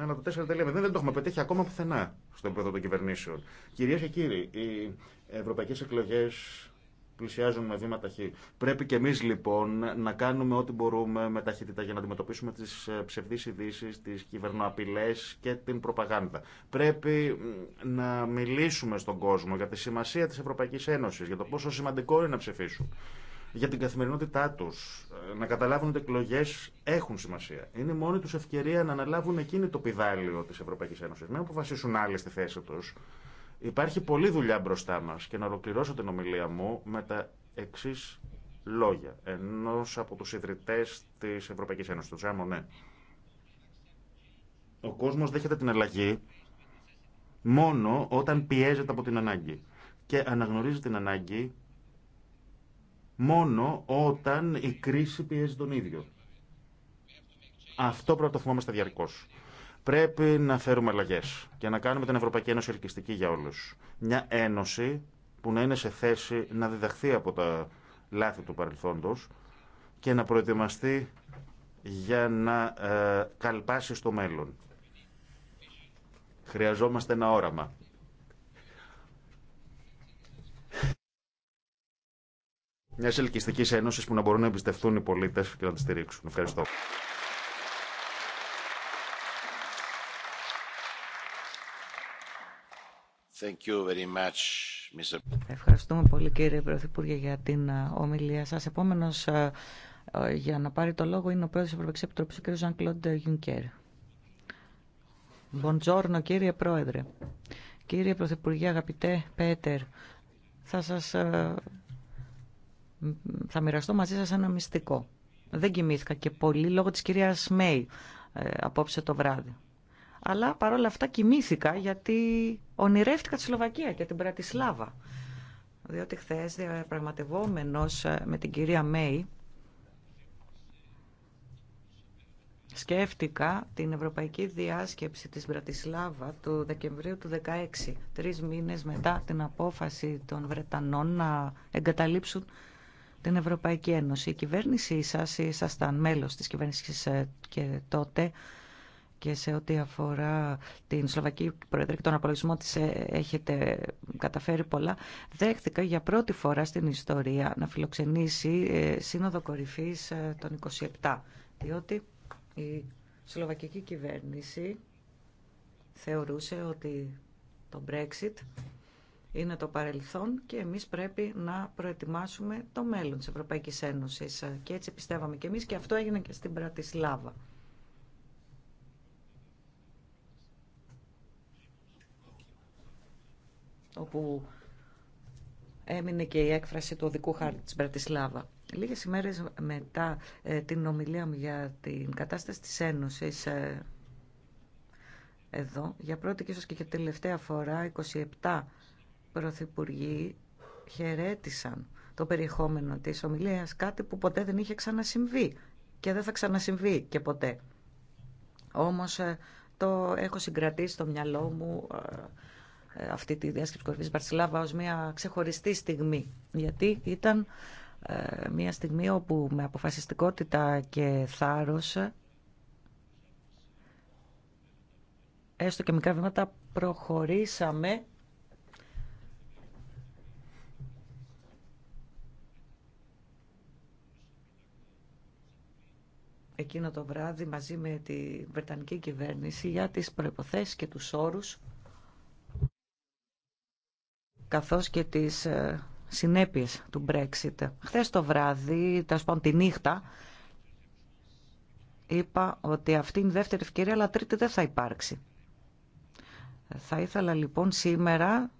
S3: αλλά το 4.0 δεν το έχουμε πετύχει ακόμα πουθενά στο επίπεδο των κυβερνήσεων. Κυρίες και κύριοι, οι ευρωπαϊκές εκλογές πλησιάζουν βήματα χ. Πρέπει και εμεί λοιπόν να κάνουμε ό,τι μπορούμε με ταχύτητα για να αντιμετωπίσουμε τι ε, ψευδεί ειδήσει, τι κυβερνοαπειλέ και την προπαγάνδα. Πρέπει να μιλήσουμε στον κόσμο για τη σημασία τη Ευρωπαϊκή Ένωση, για το πόσο σημαντικό είναι να ψηφίσουν για την καθημερινότητά του, ε, να καταλάβουν ότι εκλογέ έχουν σημασία. Είναι μόνη του ευκαιρία να αναλάβουν εκείνη το πιδάλιο τη Ευρωπαϊκή Ένωση. Μην αποφασίσουν άλλοι στη θέση του. Υπάρχει πολλή δουλειά μπροστά μας και να ολοκληρώσω την ομιλία μου με τα εξή λόγια Ενό από τους ιδρυτέ τη Ευρωπαϊκής Ένωσης, του ναι. Ο κόσμος δέχεται την αλλαγή μόνο όταν πιέζεται από την ανάγκη και αναγνωρίζει την ανάγκη μόνο όταν η κρίση πιέζει τον ίδιο. Αυτό πρέπει να το θυμόμαστε διαρκώς. Πρέπει να φέρουμε αλλαγέ και να κάνουμε την Ευρωπαϊκή Ένωση ελκυστική για όλου. Μια ένωση που να είναι σε θέση να διδαχθεί από τα λάθη του παρελθόντος και να προετοιμαστεί για να ε, καλπάσει στο μέλλον. Χρειαζόμαστε ένα όραμα. Μια ελκυστική ένωση που να μπορούν να εμπιστευτούν οι πολίτε και να τη στηρίξουν. Ευχαριστώ. Ευχαριστούμε
S1: πολύ κύριε Πρωθυπουργέ για την ε, ομιλία σας. Επόμενος ε, ε, για να πάρει το λόγο είναι ο πρόεδρος της Ευρωπαϊκής Επιτροπής, ο κύριος Ζαν Κλοντ Γιουνκέρ. Μποντζόρνο κύριε Πρόεδρε. Κύριε Πρωθυπουργέ, αγαπητέ Πέτερ, θα σας θα μοιραστώ μαζί σας ένα μυστικό. Δεν κοιμήθηκα και πολύ λόγω της κυρίας Μέη απόψε το βράδυ αλλά παρόλα αυτά κοιμήθηκα γιατί ονειρεύτηκα τη Σλοβακία και την Πρατισλάβα. Διότι χθε διαπραγματευόμενος ε, με την κυρία Μέη σκέφτηκα την Ευρωπαϊκή Διάσκεψη της Μπρατισλάβα του Δεκεμβρίου του 2016, τρεις μήνες μετά την απόφαση των Βρετανών να εγκαταλείψουν την Ευρωπαϊκή Ένωση. Η κυβέρνησή σας, ήσασταν μέλος της κυβέρνησης ε, και τότε, και σε ό,τι αφορά την Σλοβακή Προεδρία και τον απολογισμό της ε, έχετε καταφέρει πολλά, δέχτηκα για πρώτη φορά στην ιστορία να φιλοξενήσει ε, σύνοδο κορυφής ε, των 27, διότι η Σλοβακική κυβέρνηση θεωρούσε ότι το Brexit είναι το παρελθόν και εμείς πρέπει να προετοιμάσουμε το μέλλον της Ευρωπαϊκής Ένωσης. Και έτσι πιστεύαμε και εμείς και αυτό έγινε και στην Πρατισλάβα. όπου έμεινε και η έκφραση του οδικού χάρτη της Μπρατισλάβα. Λίγες ημέρες μετά ε, την ομιλία μου για την κατάσταση της Ένωσης ε, εδώ, για πρώτη και ίσως και τελευταία φορά, 27 πρωθυπουργοί χαιρέτησαν το περιεχόμενο της ομιλίας, κάτι που ποτέ δεν είχε ξανασυμβεί και δεν θα ξανασυμβεί και ποτέ. Όμως ε, το έχω συγκρατήσει στο μυαλό μου ε, αυτή τη διάσκεψη κορυφής Βαρσιλάβα ω μια ξεχωριστή στιγμή γιατί ήταν ε, μια στιγμή όπου με αποφασιστικότητα και θάρρος έστω και μικρά βήματα προχωρήσαμε εκείνο το βράδυ μαζί με τη Βρετανική κυβέρνηση για τις προϋποθέσεις και τους όρους καθώς και τις ε, συνέπειες του Brexit. Χθες το βράδυ, τα πω τη νύχτα, είπα ότι αυτή είναι η δεύτερη ευκαιρία, αλλά τρίτη δεν θα υπάρξει. Θα ήθελα λοιπόν σήμερα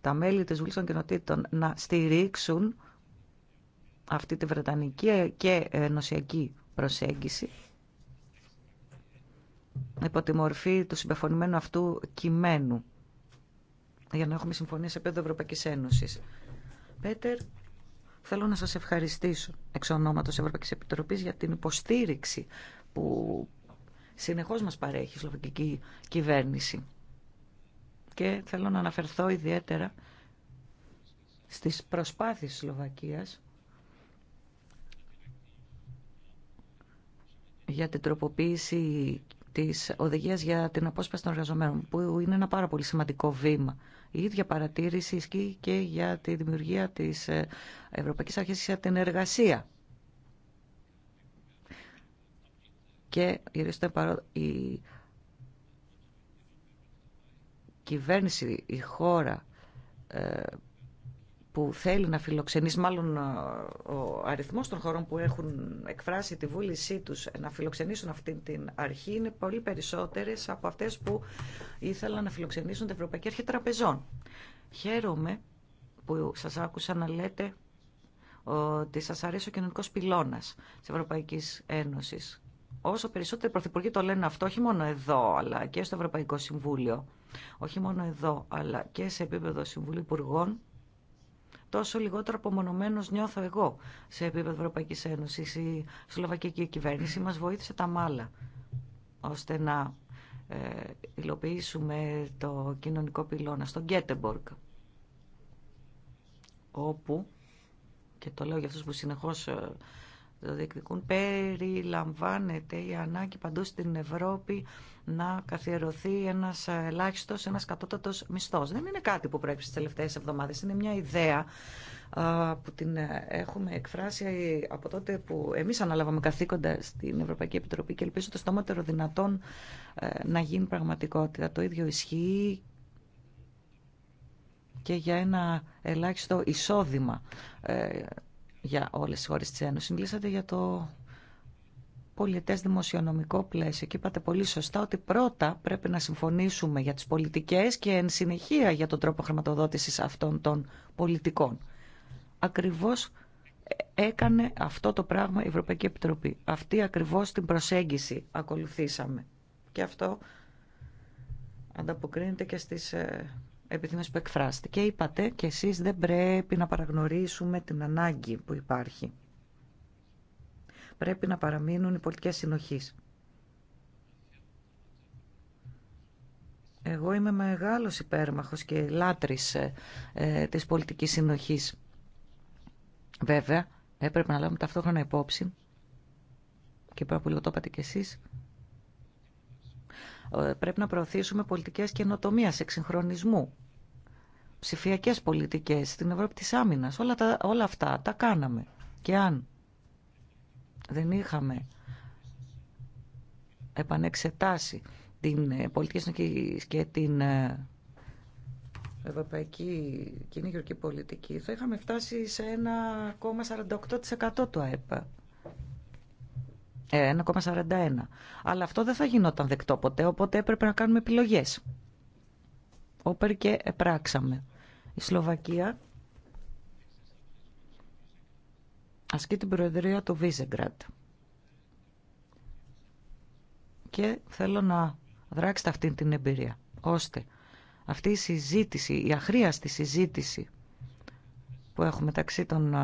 S1: τα μέλη της Βουλής των Κοινοτήτων να στηρίξουν αυτή τη βρετανική και ενωσιακή προσέγγιση υπό τη μορφή του συμπεφωνημένου αυτού κειμένου για να έχουμε συμφωνία σε επίπεδο Ευρωπαϊκής Ένωσης. Πέτερ, θέλω να σας ευχαριστήσω εξ ονόματος Ευρωπαϊκής Επιτροπής για την υποστήριξη που συνεχώς μας παρέχει η Σλοβακική κυβέρνηση. Και θέλω να αναφερθώ ιδιαίτερα στις προσπάθειες της Σλοβακίας για την τροποποίηση της οδηγίας για την απόσπαση των εργαζομένων, που είναι ένα πάρα πολύ σημαντικό βήμα η ίδια παρατήρηση ισχύει και για τη δημιουργία της ε, Ευρωπαϊκής Αρχής για την εργασία. Και η κυβέρνηση, η χώρα ε, που θέλει να φιλοξενήσει, μάλλον ε, ο αριθμό των χωρών που έχουν εκφράσει τη βούλησή του να φιλοξενήσουν αυτή την αρχή είναι πολύ περισσότερε από αυτέ που ήθελαν να φιλοξενήσουν την Ευρωπαϊκή Αρχή Τραπεζών. Χαίρομαι που σα άκουσα να λέτε ότι σας αρέσει ο κοινωνικός πυλώνα της Ευρωπαϊκής Ένωσης. Όσο περισσότεροι πρωθυπουργοί το λένε αυτό, όχι μόνο εδώ, αλλά και στο Ευρωπαϊκό Συμβούλιο, όχι μόνο εδώ, αλλά και σε επίπεδο Συμβουλίου Υπουργών, τόσο λιγότερο απομονωμένο νιώθω εγώ σε επίπεδο Ευρωπαϊκή Ένωση. Η σλοβακική κυβέρνηση μα βοήθησε τα μάλα ώστε να ε, υλοποιήσουμε το κοινωνικό πυλώνα στο Γκέτεμπορκ όπου και το λέω για αυτούς που συνεχώς ε, το διεκδικούν περιλαμβάνεται η ανάγκη παντού στην Ευρώπη να καθιερωθεί ένας ελάχιστος, ένας κατώτατο μισθός. Δεν είναι κάτι που πρέπει στι τελευταίες εβδομάδες, είναι μια ιδέα που την έχουμε εκφράσει από τότε που εμείς αναλάβαμε καθήκοντα στην Ευρωπαϊκή Επιτροπή και ελπίζω το στόματερο δυνατόν ε, να γίνει πραγματικότητα. Το ίδιο ισχύει και για ένα ελάχιστο εισόδημα ε, για όλες τις χώρες της Ένωσης. Μιλήσατε για το πολιτές δημοσιονομικό πλαίσιο και είπατε πολύ σωστά ότι πρώτα πρέπει να συμφωνήσουμε για τις πολιτικές και εν συνεχεία για τον τρόπο χρηματοδότησης αυτών των πολιτικών. Ακριβώς έκανε αυτό το πράγμα η Ευρωπαϊκή Επιτροπή. Αυτή ακριβώς την προσέγγιση ακολουθήσαμε. Και αυτό ανταποκρίνεται και στις ε, επιθυμίες που εκφράστηκε. Είπατε και εσείς δεν πρέπει να παραγνωρίσουμε την ανάγκη που υπάρχει. Πρέπει να παραμείνουν οι πολιτικές συνοχής. Εγώ είμαι μεγάλος υπέρμαχος και λάτρης ε, της πολιτικής συνοχής. Βέβαια, έπρεπε να λάβουμε ταυτόχρονα υπόψη και πρέπει να το είπατε κι εσείς, ε, πρέπει να προωθήσουμε πολιτικές καινοτομίας, εξυγχρονισμού, ψηφιακές πολιτικές στην Ευρώπη της Άμυνας. Όλα, τα, όλα αυτά τα κάναμε. Και αν δεν είχαμε επανεξετάσει την ε, πολιτική και την ε, ευρωπαϊκή κοινή γεωργική πολιτική, θα είχαμε φτάσει σε 1,48% του ΑΕΠΑ. 1,41. Αλλά αυτό δεν θα γινόταν δεκτό ποτέ, οπότε έπρεπε να κάνουμε επιλογές. Όπερ και επράξαμε. Η Σλοβακία ασκεί την προεδρία του Βίζεγκρατ. Και θέλω να δράξετε αυτή την εμπειρία, ώστε αυτή η συζήτηση, η αχρίαστη συζήτηση που έχουμε μεταξύ των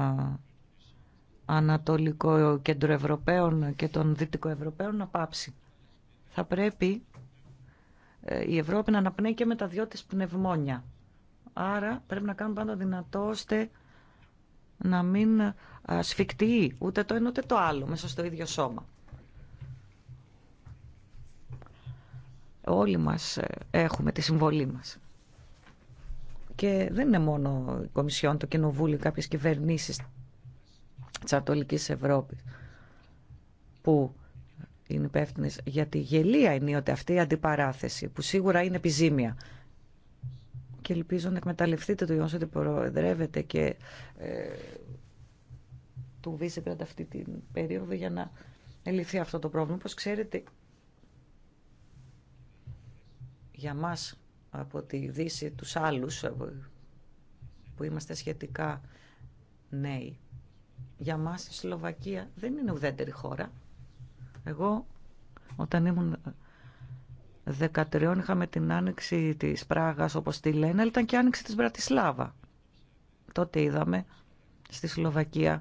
S1: Ανατολικό Κέντρο Ευρωπαίων και των Δυτικοευρωπαίων να πάψει. Θα πρέπει ε, η Ευρώπη να αναπνέει και με τα δυο της πνευμόνια. Άρα πρέπει να κάνουμε πάντα δυνατό ώστε να μην ε, σφιχτεί ούτε το ένα ούτε το άλλο μέσα στο ίδιο σώμα. Όλοι μας ε, έχουμε τη συμβολή μας. Και δεν είναι μόνο η Κομισιόν, το Κοινοβούλιο, κάποιες κυβερνήσεις της Ανατολικής Ευρώπης που είναι υπεύθυνε για τη γελία ενίοτε αυτή η αντιπαράθεση που σίγουρα είναι επιζήμια και ελπίζω να εκμεταλλευτείτε το γεγονό ότι προεδρεύετε και ε, του Βίσεμπραντ αυτή την περίοδο για να λυθεί αυτό το πρόβλημα. Όπως ξέρετε, για μας από τη Δύση, τους άλλους ε, που είμαστε σχετικά νέοι, για μας η Σλοβακία δεν είναι ουδέτερη χώρα. Εγώ όταν ήμουν 13 είχαμε την άνοιξη της Πράγας όπως τη λένε, αλλά ήταν και άνοιξη της Βρατισλάβα. Τότε είδαμε στη Σλοβακία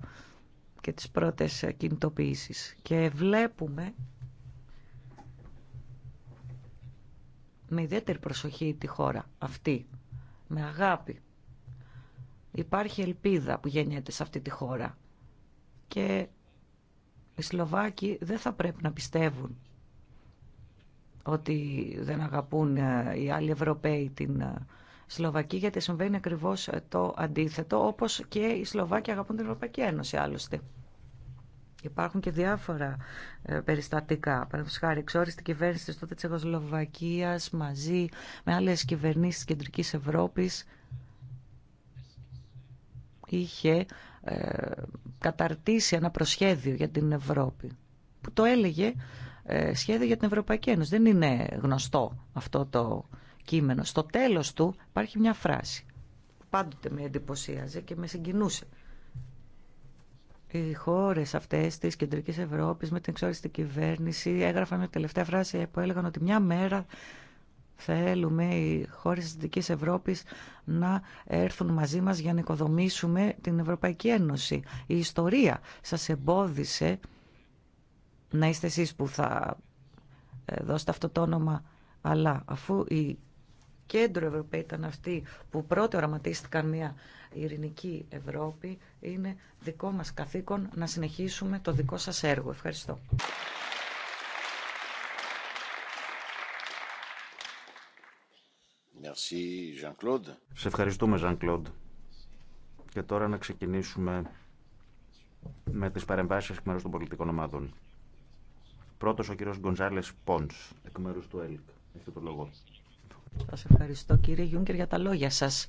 S1: και τις πρώτες κινητοποιήσεις. Και βλέπουμε με ιδιαίτερη προσοχή τη χώρα αυτή, με αγάπη. Υπάρχει ελπίδα που γεννιέται σε αυτή τη χώρα και οι Σλοβάκοι δεν θα πρέπει να πιστεύουν ότι δεν αγαπούν ε, οι άλλοι Ευρωπαίοι την ε, Σλοβακία, γιατί συμβαίνει ακριβώς ε, το αντίθετο, όπως και οι Σλοβάκοι αγαπούν την Ευρωπαϊκή Ένωση άλλωστε. Υπάρχουν και διάφορα περιστατικά. Παραδείγματο χάρη, εξόριστη κυβέρνηση τη τότε Τσεχοσλοβακία μαζί με άλλε κυβερνήσει τη Κεντρική Ευρώπη είχε ε, καταρτήσει ένα προσχέδιο για την Ευρώπη που το έλεγε ε, σχέδιο για την Ευρωπαϊκή Ένωση. Δεν είναι γνωστό αυτό το κείμενο. Στο τέλος του υπάρχει μια φράση που πάντοτε με εντυπωσίαζε και με συγκινούσε. Οι χώρε αυτέ τη κεντρική Ευρώπη με την εξόριστη κυβέρνηση έγραφαν μια τελευταία φράση που έλεγαν ότι μια μέρα Θέλουμε οι χώρες της Δυτικής Ευρώπης να έρθουν μαζί μας για να οικοδομήσουμε την Ευρωπαϊκή Ένωση. Η ιστορία σας εμπόδισε να είστε εσείς που θα ε, δώσετε αυτό το όνομα, αλλά αφού η κέντρο Ευρωπαίοι ήταν αυτοί που πρώτοι οραματίστηκαν μια ειρηνική Ευρώπη, είναι δικό μας καθήκον να συνεχίσουμε το δικό σας έργο. Ευχαριστώ.
S3: Σε ευχαριστουμε Ζαν Κλόντ. Και τώρα να ξεκινήσουμε με τις παρεμβάσεις εκ μέρους των πολιτικών ομάδων. Πρώτος ο κύριος Γκονζάλες Πόντς, εκ μέρους του ΕΛΚ. Έχετε το λόγο.
S1: Σας ευχαριστώ κύριε Γιούγκερ για τα λόγια σας.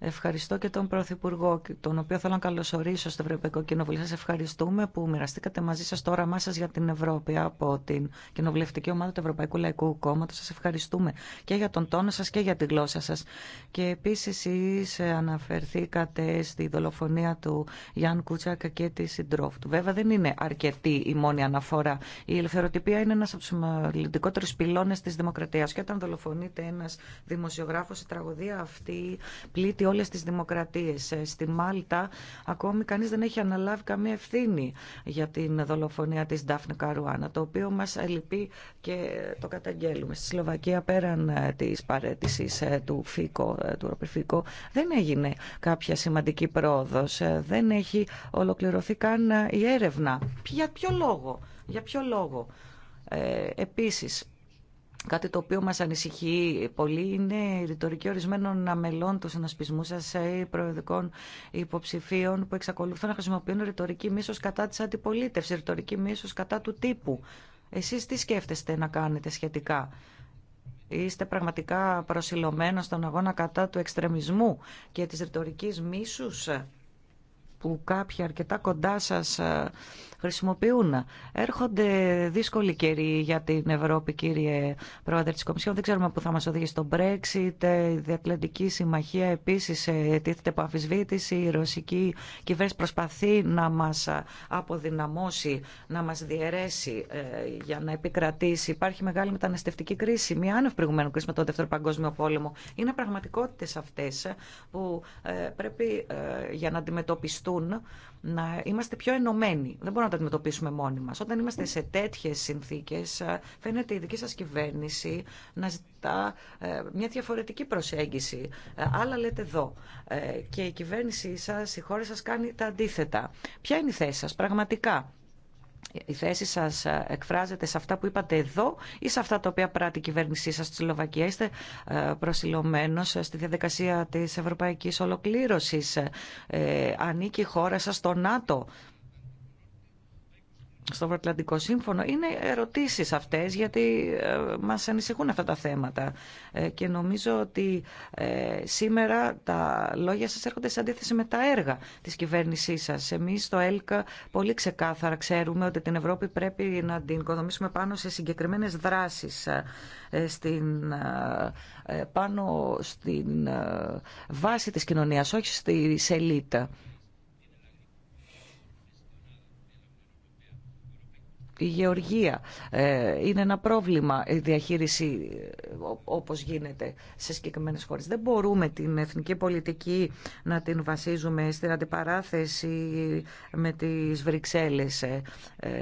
S1: Ευχαριστώ και τον Πρωθυπουργό, τον οποίο θέλω να καλωσορίσω στο Ευρωπαϊκό Κοινοβούλιο. Σα ευχαριστούμε που μοιραστήκατε μαζί σα το όραμά σα για την Ευρώπη από την Κοινοβουλευτική Ομάδα του Ευρωπαϊκού Λαϊκού Κόμματο. Σα ευχαριστούμε και για τον τόνο σα και για τη γλώσσα σα. Και επίση, ε, αναφερθήκατε στη δολοφονία του Γιάνν Κούτσακ και τη συντρόφου του Βέβαια, δεν είναι αρκετή η μόνη αναφορά. Η ελευθεροτυπία είναι ένα από του σημαντικότερου πυλώνε τη δημοκρατία. Και όταν δολοφονείται ένα δημοσιογράφο, η τραγωδία αυτή πλήττει όλες τις δημοκρατίες. Ε, στη Μάλτα ακόμη κανείς δεν έχει αναλάβει καμία ευθύνη για την δολοφονία της Ντάφνη Καρουάνα, το οποίο μας λυπεί και το καταγγέλουμε. Στη Σλοβακία πέραν ε, τη παρέτηση ε, του ΦΥΚΟ, του δεν έγινε κάποια σημαντική πρόοδο. δεν έχει ολοκληρωθεί καν η έρευνα. Για ποιο λόγο, για ποιο λόγο. Ε, επίσης, Κάτι το οποίο μας ανησυχεί πολύ είναι η ρητορική ορισμένων αμελών του συνασπισμού σα ή ε, προεδρικών υποψηφίων που εξακολουθούν να χρησιμοποιούν ρητορική μίσο κατά της αντιπολίτευση, ρητορική μίσο κατά του τύπου. Εσείς τι σκέφτεστε να κάνετε σχετικά. Είστε πραγματικά προσιλωμένος στον αγώνα κατά του εξτρεμισμού και της ρητορικής μίσους που κάποιοι αρκετά κοντά σας ε, χρησιμοποιούν. Έρχονται δύσκολοι καιροί για την Ευρώπη, κύριε Πρόεδρε της Κομισιόν. Δεν ξέρουμε που θα μας οδηγήσει το Brexit. Ε, η Διατλαντική Συμμαχία επίσης ε, τίθεται από αφισβήτηση. Η ρωσική κυβέρνηση προσπαθεί να μας αποδυναμώσει, να μας διαιρέσει για να επικρατήσει. Υπάρχει μεγάλη μεταναστευτική κρίση, μια άνευ προηγουμένου κρίση με τον Δεύτερο Παγκόσμιο Πόλεμο. Είναι πραγματικότητες αυτές που πρέπει για να αντιμετωπιστούν να είμαστε πιο ενωμένοι. Δεν μπορούμε να τα αντιμετωπίσουμε μόνοι μα. Όταν είμαστε σε τέτοιε συνθήκε, ε, φαίνεται η δική σα κυβέρνηση να ζητά ε, μια διαφορετική προσέγγιση. Ε, άλλα λέτε εδώ. Και η κυβέρνησή σα, η χώρα σα κάνει τα αντίθετα. Ποια είναι η θέση σα πραγματικά η θέση σας ε, εκφράζεται σε αυτά που είπατε εδώ ή σε αυτά τα οποία πράττει η κυβέρνησή σα, στη Σλοβακία. Είστε ε, προσιλωμένο ε, στη διαδικασία της ευρωπαϊκής ολοκλήρωσης. ανήκει η χώρα σας στο ΝΑΤΟ στο Βορτλαντικό Σύμφωνο. Είναι ερωτήσεις αυτές γιατί ε, μας ανησυχούν αυτά τα θέματα ε, και νομίζω ότι ε, σήμερα τα λόγια σας έρχονται σε αντίθεση με τα έργα της κυβέρνησής σας. Εμείς στο ΕΛΚΑ πολύ ξεκάθαρα ξέρουμε ότι την Ευρώπη πρέπει να την οικοδομήσουμε πάνω σε συγκεκριμένες δράσεις στην, πάνω στην βάση της κοινωνίας, όχι στη σελίτα. Η γεωργία ε, είναι ένα πρόβλημα η διαχείριση ε, όπως γίνεται σε συγκεκριμένες χώρες. Δεν μπορούμε την εθνική πολιτική να την βασίζουμε στην αντιπαράθεση με τις Βρυξέλλες, ε,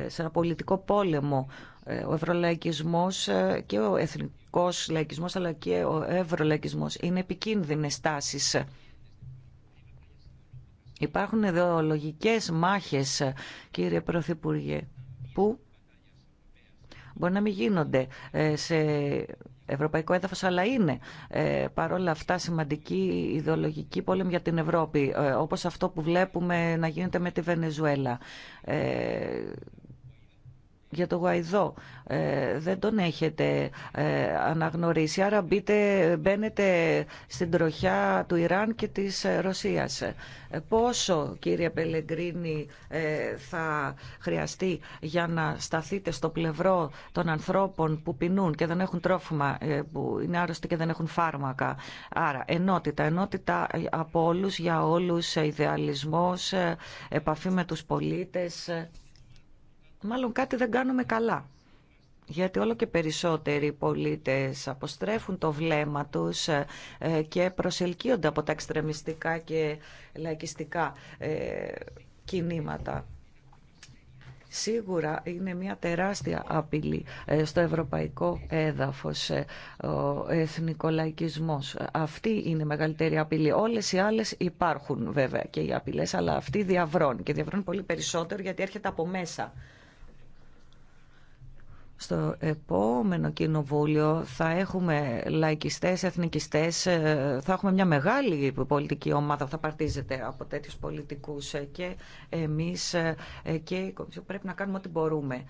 S1: σε ένα πολιτικό πόλεμο. Ο ευρωλαϊκισμός και ο εθνικός λαϊκισμός αλλά και ο ευρωλαϊκισμός είναι επικίνδυνες τάσεις. Υπάρχουν λογικές μάχες, κύριε Πρωθυπουργέ, που Μπορεί να μην γίνονται ε, σε ευρωπαϊκό έδαφος, αλλά είναι ε, παρόλα αυτά σημαντική ιδεολογική πόλεμη για την Ευρώπη, ε, όπως αυτό που βλέπουμε να γίνεται με τη Βενεζουέλα για το Γουαϊδό. Ε, δεν τον έχετε ε, αναγνωρίσει. Άρα μπείτε, μπαίνετε στην τροχιά του Ιράν και της ε, Ρωσίας. Πόσο, κύριε Πελεγκρίνη, θα χρειαστεί για να σταθείτε στο πλευρό των ανθρώπων που πεινούν και δεν έχουν τρόφιμα, που είναι άρρωστοι και δεν έχουν φάρμακα. Άρα, ενότητα. Ενότητα από όλους, για όλους, ιδεαλισμός, επαφή με τους πολίτες μάλλον κάτι δεν κάνουμε καλά. Γιατί όλο και περισσότεροι πολίτες αποστρέφουν το βλέμμα τους ε, ε, και προσελκύονται από τα εξτρεμιστικά και λαϊκιστικά ε, κινήματα. Σίγουρα είναι μια τεράστια απειλή στο ευρωπαϊκό έδαφος ο εθνικολαϊκισμός. Αυτή είναι η μεγαλύτερη απειλή. Όλες οι άλλες υπάρχουν βέβαια και οι απειλές, αλλά αυτή διαβρώνει και διαβρώνει πολύ περισσότερο γιατί έρχεται από μέσα στο επόμενο κοινοβούλιο θα έχουμε λαϊκιστές, εθνικιστές, ε, θα έχουμε μια μεγάλη πολιτική ομάδα που θα παρτίζεται από τέτοιους πολιτικούς και εμείς ε, και πρέπει να κάνουμε ό,τι μπορούμε.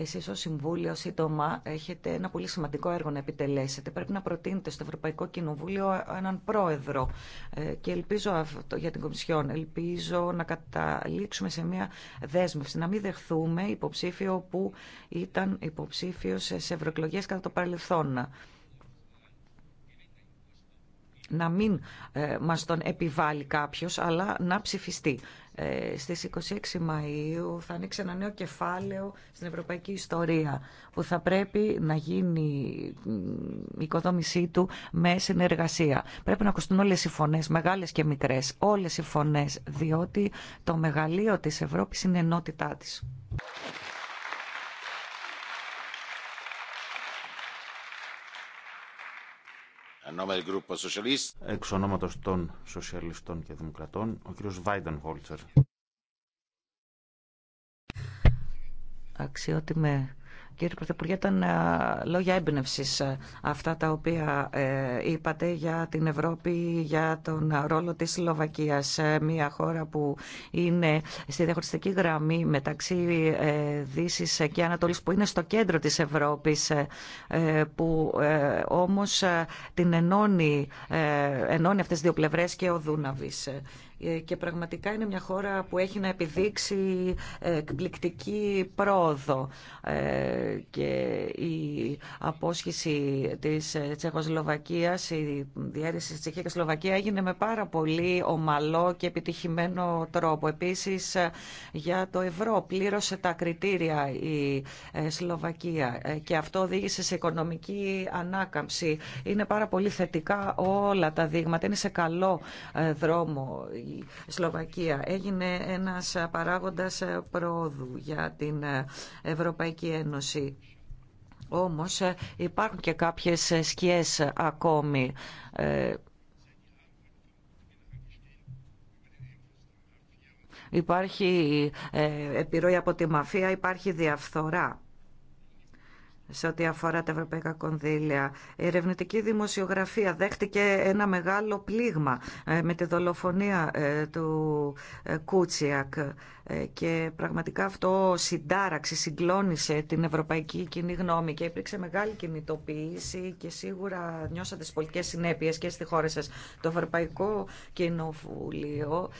S1: Εσείς ως Συμβούλιο σύντομα έχετε ένα πολύ σημαντικό έργο να επιτελέσετε. Πρέπει να προτείνετε στο Ευρωπαϊκό Κοινοβούλιο έναν πρόεδρο ε, και ελπίζω αυτό για την Κομισιόν. Ελπίζω να καταλήξουμε σε μια δέσμευση, να μην δεχθούμε υποψήφιο που ήταν υποψήφιο σε ευρωεκλογέ κατά το παρελθόν να μην ε, μας τον επιβάλλει κάποιος, αλλά να ψηφιστεί. Ε, στις 26 Μαΐου θα ανοίξει ένα νέο κεφάλαιο στην ευρωπαϊκή ιστορία που θα πρέπει να γίνει η οικοδόμησή του με συνεργασία. Πρέπει να ακουστούν όλες οι φωνές, μεγάλες και μικρές, όλες οι φωνές, διότι το μεγαλείο της Ευρώπης είναι ενότητά της.
S3: Εξ ονόματος των Σοσιαλιστών και Δημοκρατών, ο κύριος Βάιντεν Χόλτσερ.
S1: Αξιότιμε Κύριε Πρωθυπουργέ, ήταν ε, λόγια έμπνευση ε, αυτά τα οποία ε, είπατε για την Ευρώπη, για τον ρόλο της Σλοβακίας, μια χώρα που είναι στη διαχωριστική γραμμή μεταξύ δύση και Ανατολής, που είναι στο κέντρο της Ευρώπης, που όμως την ενώνει, ενώνει αυτές τις δύο πλευρές και ο Δούναβης. Ε, και πραγματικά είναι μια χώρα που έχει να επιδείξει ε, εκπληκτική πρόοδο ε, και η απόσχηση της Τσεχοσλοβακίας, η διαίρεση της Τσεχίας και Σλοβακία έγινε με πάρα πολύ ομαλό και επιτυχημένο τρόπο. Επίσης για το ευρώ πλήρωσε τα κριτήρια η Σλοβακία και αυτό οδήγησε σε οικονομική ανάκαμψη. Είναι πάρα πολύ θετικά όλα τα δείγματα, είναι σε καλό δρόμο η Σλοβακία έγινε ένας παράγοντας πρόοδου για την Ευρωπαϊκή Ένωση. Όμως υπάρχουν και κάποιες σκιές ακόμη. Ε, υπάρχει ε, επιρροή από τη μαφία, υπάρχει διαφθορά σε ό,τι αφορά τα ευρωπαϊκά κονδύλια. Η ερευνητική δημοσιογραφία δέχτηκε ένα μεγάλο πλήγμα ε, με τη δολοφονία ε, του ε, Κούτσιακ και πραγματικά αυτό συντάραξε, συγκλώνησε την ευρωπαϊκή κοινή γνώμη και υπήρξε μεγάλη κινητοποίηση και σίγουρα νιώσατε τις πολιτικές συνέπειες και στη χώρα σας. Το Ευρωπαϊκό Κοινοβούλιο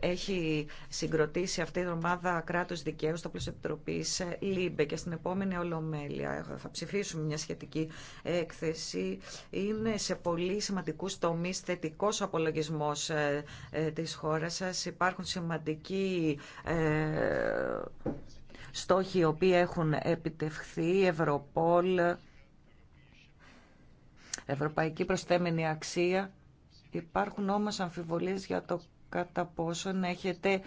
S1: έχει συγκροτήσει αυτή η ομάδα κράτους δικαίου στο πλαίσιο Επιτροπής ΛΥΜΠΕ και στην επόμενη είναι ολομέλεια. Ε, θα ψηφίσουμε μια σχετική έκθεση. Είναι σε πολύ σημαντικούς τομείς θετικός απολογισμός ε, ε, της χώρας σας. Υπάρχουν σημαντικοί στόχοι οι οποίοι έχουν επιτευχθεί, Ευρωπόλ, Ευρωπαϊκή Προστέμενη Αξία. Υπάρχουν όμως αμφιβολίες για το κατά πόσον έχετε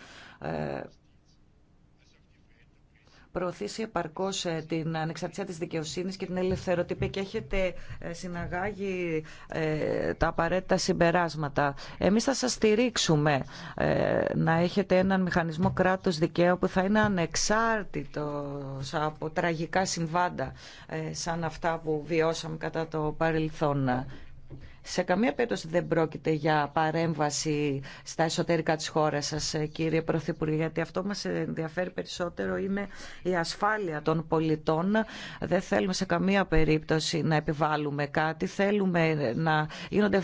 S1: προωθήσει επαρκώ ε, την ανεξαρτησία της δικαιοσύνης και την ελευθεροτυπία και έχετε ε, συναγάγει ε, τα απαραίτητα συμπεράσματα. Εμείς θα σα στηρίξουμε να έχετε έναν μηχανισμό κράτος δικαίου που θα είναι ανεξάρτητο από τραγικά συμβάντα σαν αυτά που βιώσαμε κατά το παρελθόν. Σε καμία περίπτωση δεν πρόκειται για παρέμβαση στα εσωτερικά της χώρας σας, κύριε Πρωθυπουργέ, γιατί αυτό μας ενδιαφέρει περισσότερο είναι η ασφάλεια των πολιτών. Δεν θέλουμε σε καμία περίπτωση να επιβάλλουμε κάτι. Θέλουμε να, γίνονται,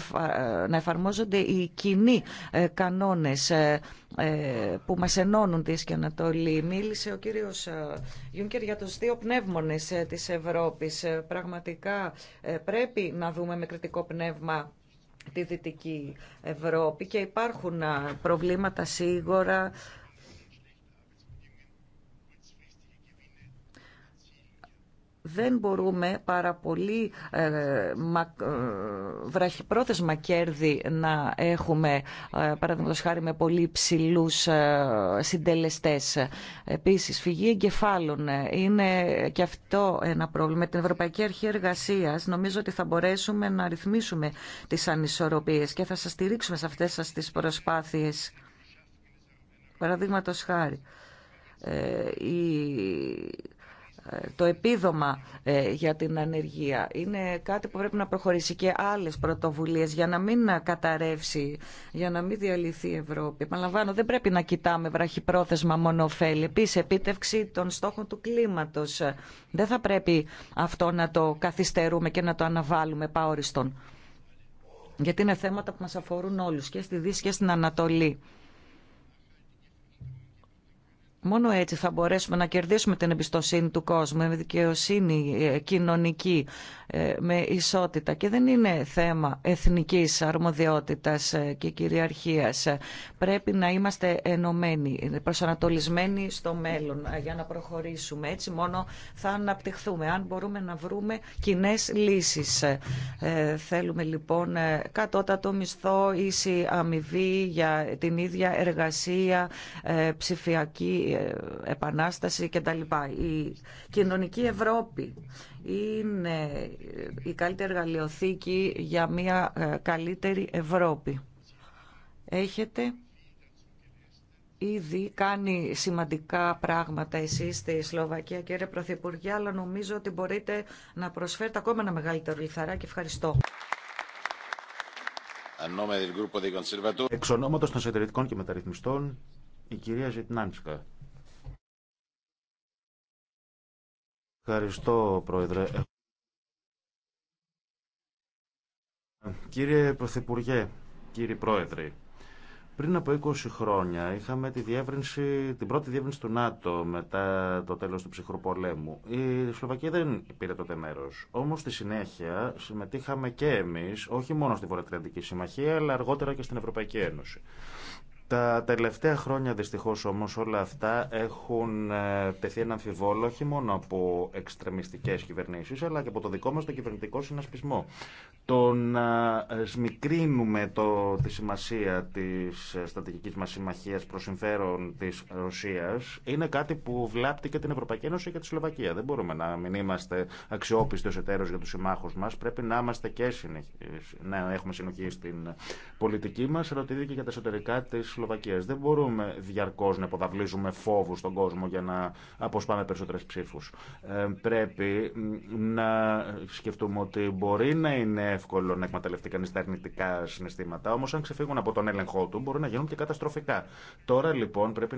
S1: να εφαρμόζονται οι κοινοί ε, κανόνες ε, ε, που μας ενώνουν Δύση και Ανατολή. Μίλησε ο κύριος ε, Γιούνκερ για τους δύο πνεύμονες ε, της Ευρώπης. Πραγματικά πρέπει να δούμε με κριτικό πνεύμα τη Δυτική Ευρώπη και υπάρχουν προβλήματα σίγουρα δεν μπορούμε πάρα πολύ ε, ε μα, κέρδη να έχουμε, ε, παραδείγματο χάρη με πολύ ψηλού ε, συντελεστέ. Επίση, φυγή εγκεφάλων ε, είναι και αυτό ένα πρόβλημα. Την Ευρωπαϊκή Αρχή Εργασία νομίζω ότι θα μπορέσουμε να ρυθμίσουμε τι ανισορροπίε και θα σα στηρίξουμε σε αυτέ σα τι προσπάθειε. Παραδείγματο χάρη. Ε, η το επίδομα ε, για την ανεργία. Είναι κάτι που πρέπει να προχωρήσει και άλλες πρωτοβουλίες για να μην καταρρεύσει, για να μην διαλυθεί η Ευρώπη. Επαναλαμβάνω, δεν πρέπει να κοιτάμε βραχυπρόθεσμα μόνο ωφέλη. Επίσης, επίτευξη των στόχων του κλίματος. Δεν θα πρέπει αυτό να το καθυστερούμε και να το αναβάλουμε πάοριστον. Γιατί είναι θέματα που μας αφορούν όλους και στη Δύση και στην Ανατολή. Μόνο έτσι θα μπορέσουμε να κερδίσουμε την εμπιστοσύνη του κόσμου, με δικαιοσύνη ε, κοινωνική, ε, με ισότητα. Και δεν είναι θέμα εθνικής αρμοδιότητας ε, και κυριαρχίας. Πρέπει να είμαστε ενωμένοι, προσανατολισμένοι στο μέλλον για να προχωρήσουμε. Έτσι μόνο θα αναπτυχθούμε, αν μπορούμε να βρούμε κοινέ λύσεις. Θέλουμε λοιπόν κατώτατο μισθό, ίση αμοιβή για την ίδια εργασία, ψηφιακή Επανάσταση και τα λοιπά Η κοινωνική Ευρώπη είναι η καλύτερη εργαλειοθήκη για μια ε, καλύτερη Ευρώπη. Έχετε ήδη κάνει σημαντικά πράγματα εσείς στη Σλοβακία, κύριε Πρωθυπουργέ, αλλά νομίζω ότι μπορείτε να προσφέρετε ακόμα ένα μεγαλύτερο λιθαράκι. Ευχαριστώ.
S3: Εξ ονόματος των συντηρητικών και μεταρρυθμιστών, η κυρία Ζετνάνσκα. Ευχαριστώ, Πρόεδρε. Κύριε Πρωθυπουργέ, κύριε Πρόεδρε, πριν από 20 χρόνια είχαμε τη διεύρυνση, την πρώτη διεύρυνση του ΝΑΤΟ μετά το τέλος του ψυχρού πολέμου. Η Σλοβακία δεν πήρε τότε μέρος. Όμως στη συνέχεια συμμετείχαμε και εμείς, όχι μόνο στη Βορειοατλαντική Συμμαχία, αλλά αργότερα και στην Ευρωπαϊκή Ένωση. Τα τελευταία χρόνια δυστυχώς όμως όλα αυτά έχουν ε, τεθεί ένα αμφιβόλο όχι μόνο από εξτρεμιστικές κυβερνήσεις αλλά και από το δικό μας το κυβερνητικό συνασπισμό. Το να ε, σμικρίνουμε το, τη σημασία της ε, στρατηγικής μας συμμαχίας προς συμφέρον της Ρωσίας είναι κάτι που βλάπτει και την Ευρωπαϊκή Ένωση και τη Σλοβακία. Δεν μπορούμε να μην είμαστε αξιόπιστοι ως εταίρος για τους συμμάχους μας. Πρέπει να είμαστε και να έχουμε συνοχή στην πολιτική μας αλλά και για τα εσωτερικά της Τσεχοσλοβακία. Δεν μπορούμε διαρκώ να υποδαβλίζουμε φόβου στον κόσμο για να αποσπάμε περισσότερε ψήφου. Ε, πρέπει να σκεφτούμε ότι μπορεί να είναι εύκολο να εκμεταλλευτεί κανεί τα αρνητικά συναισθήματα, όμω αν ξεφύγουν από τον έλεγχό του μπορεί να γίνουν και καταστροφικά. Τώρα λοιπόν πρέπει να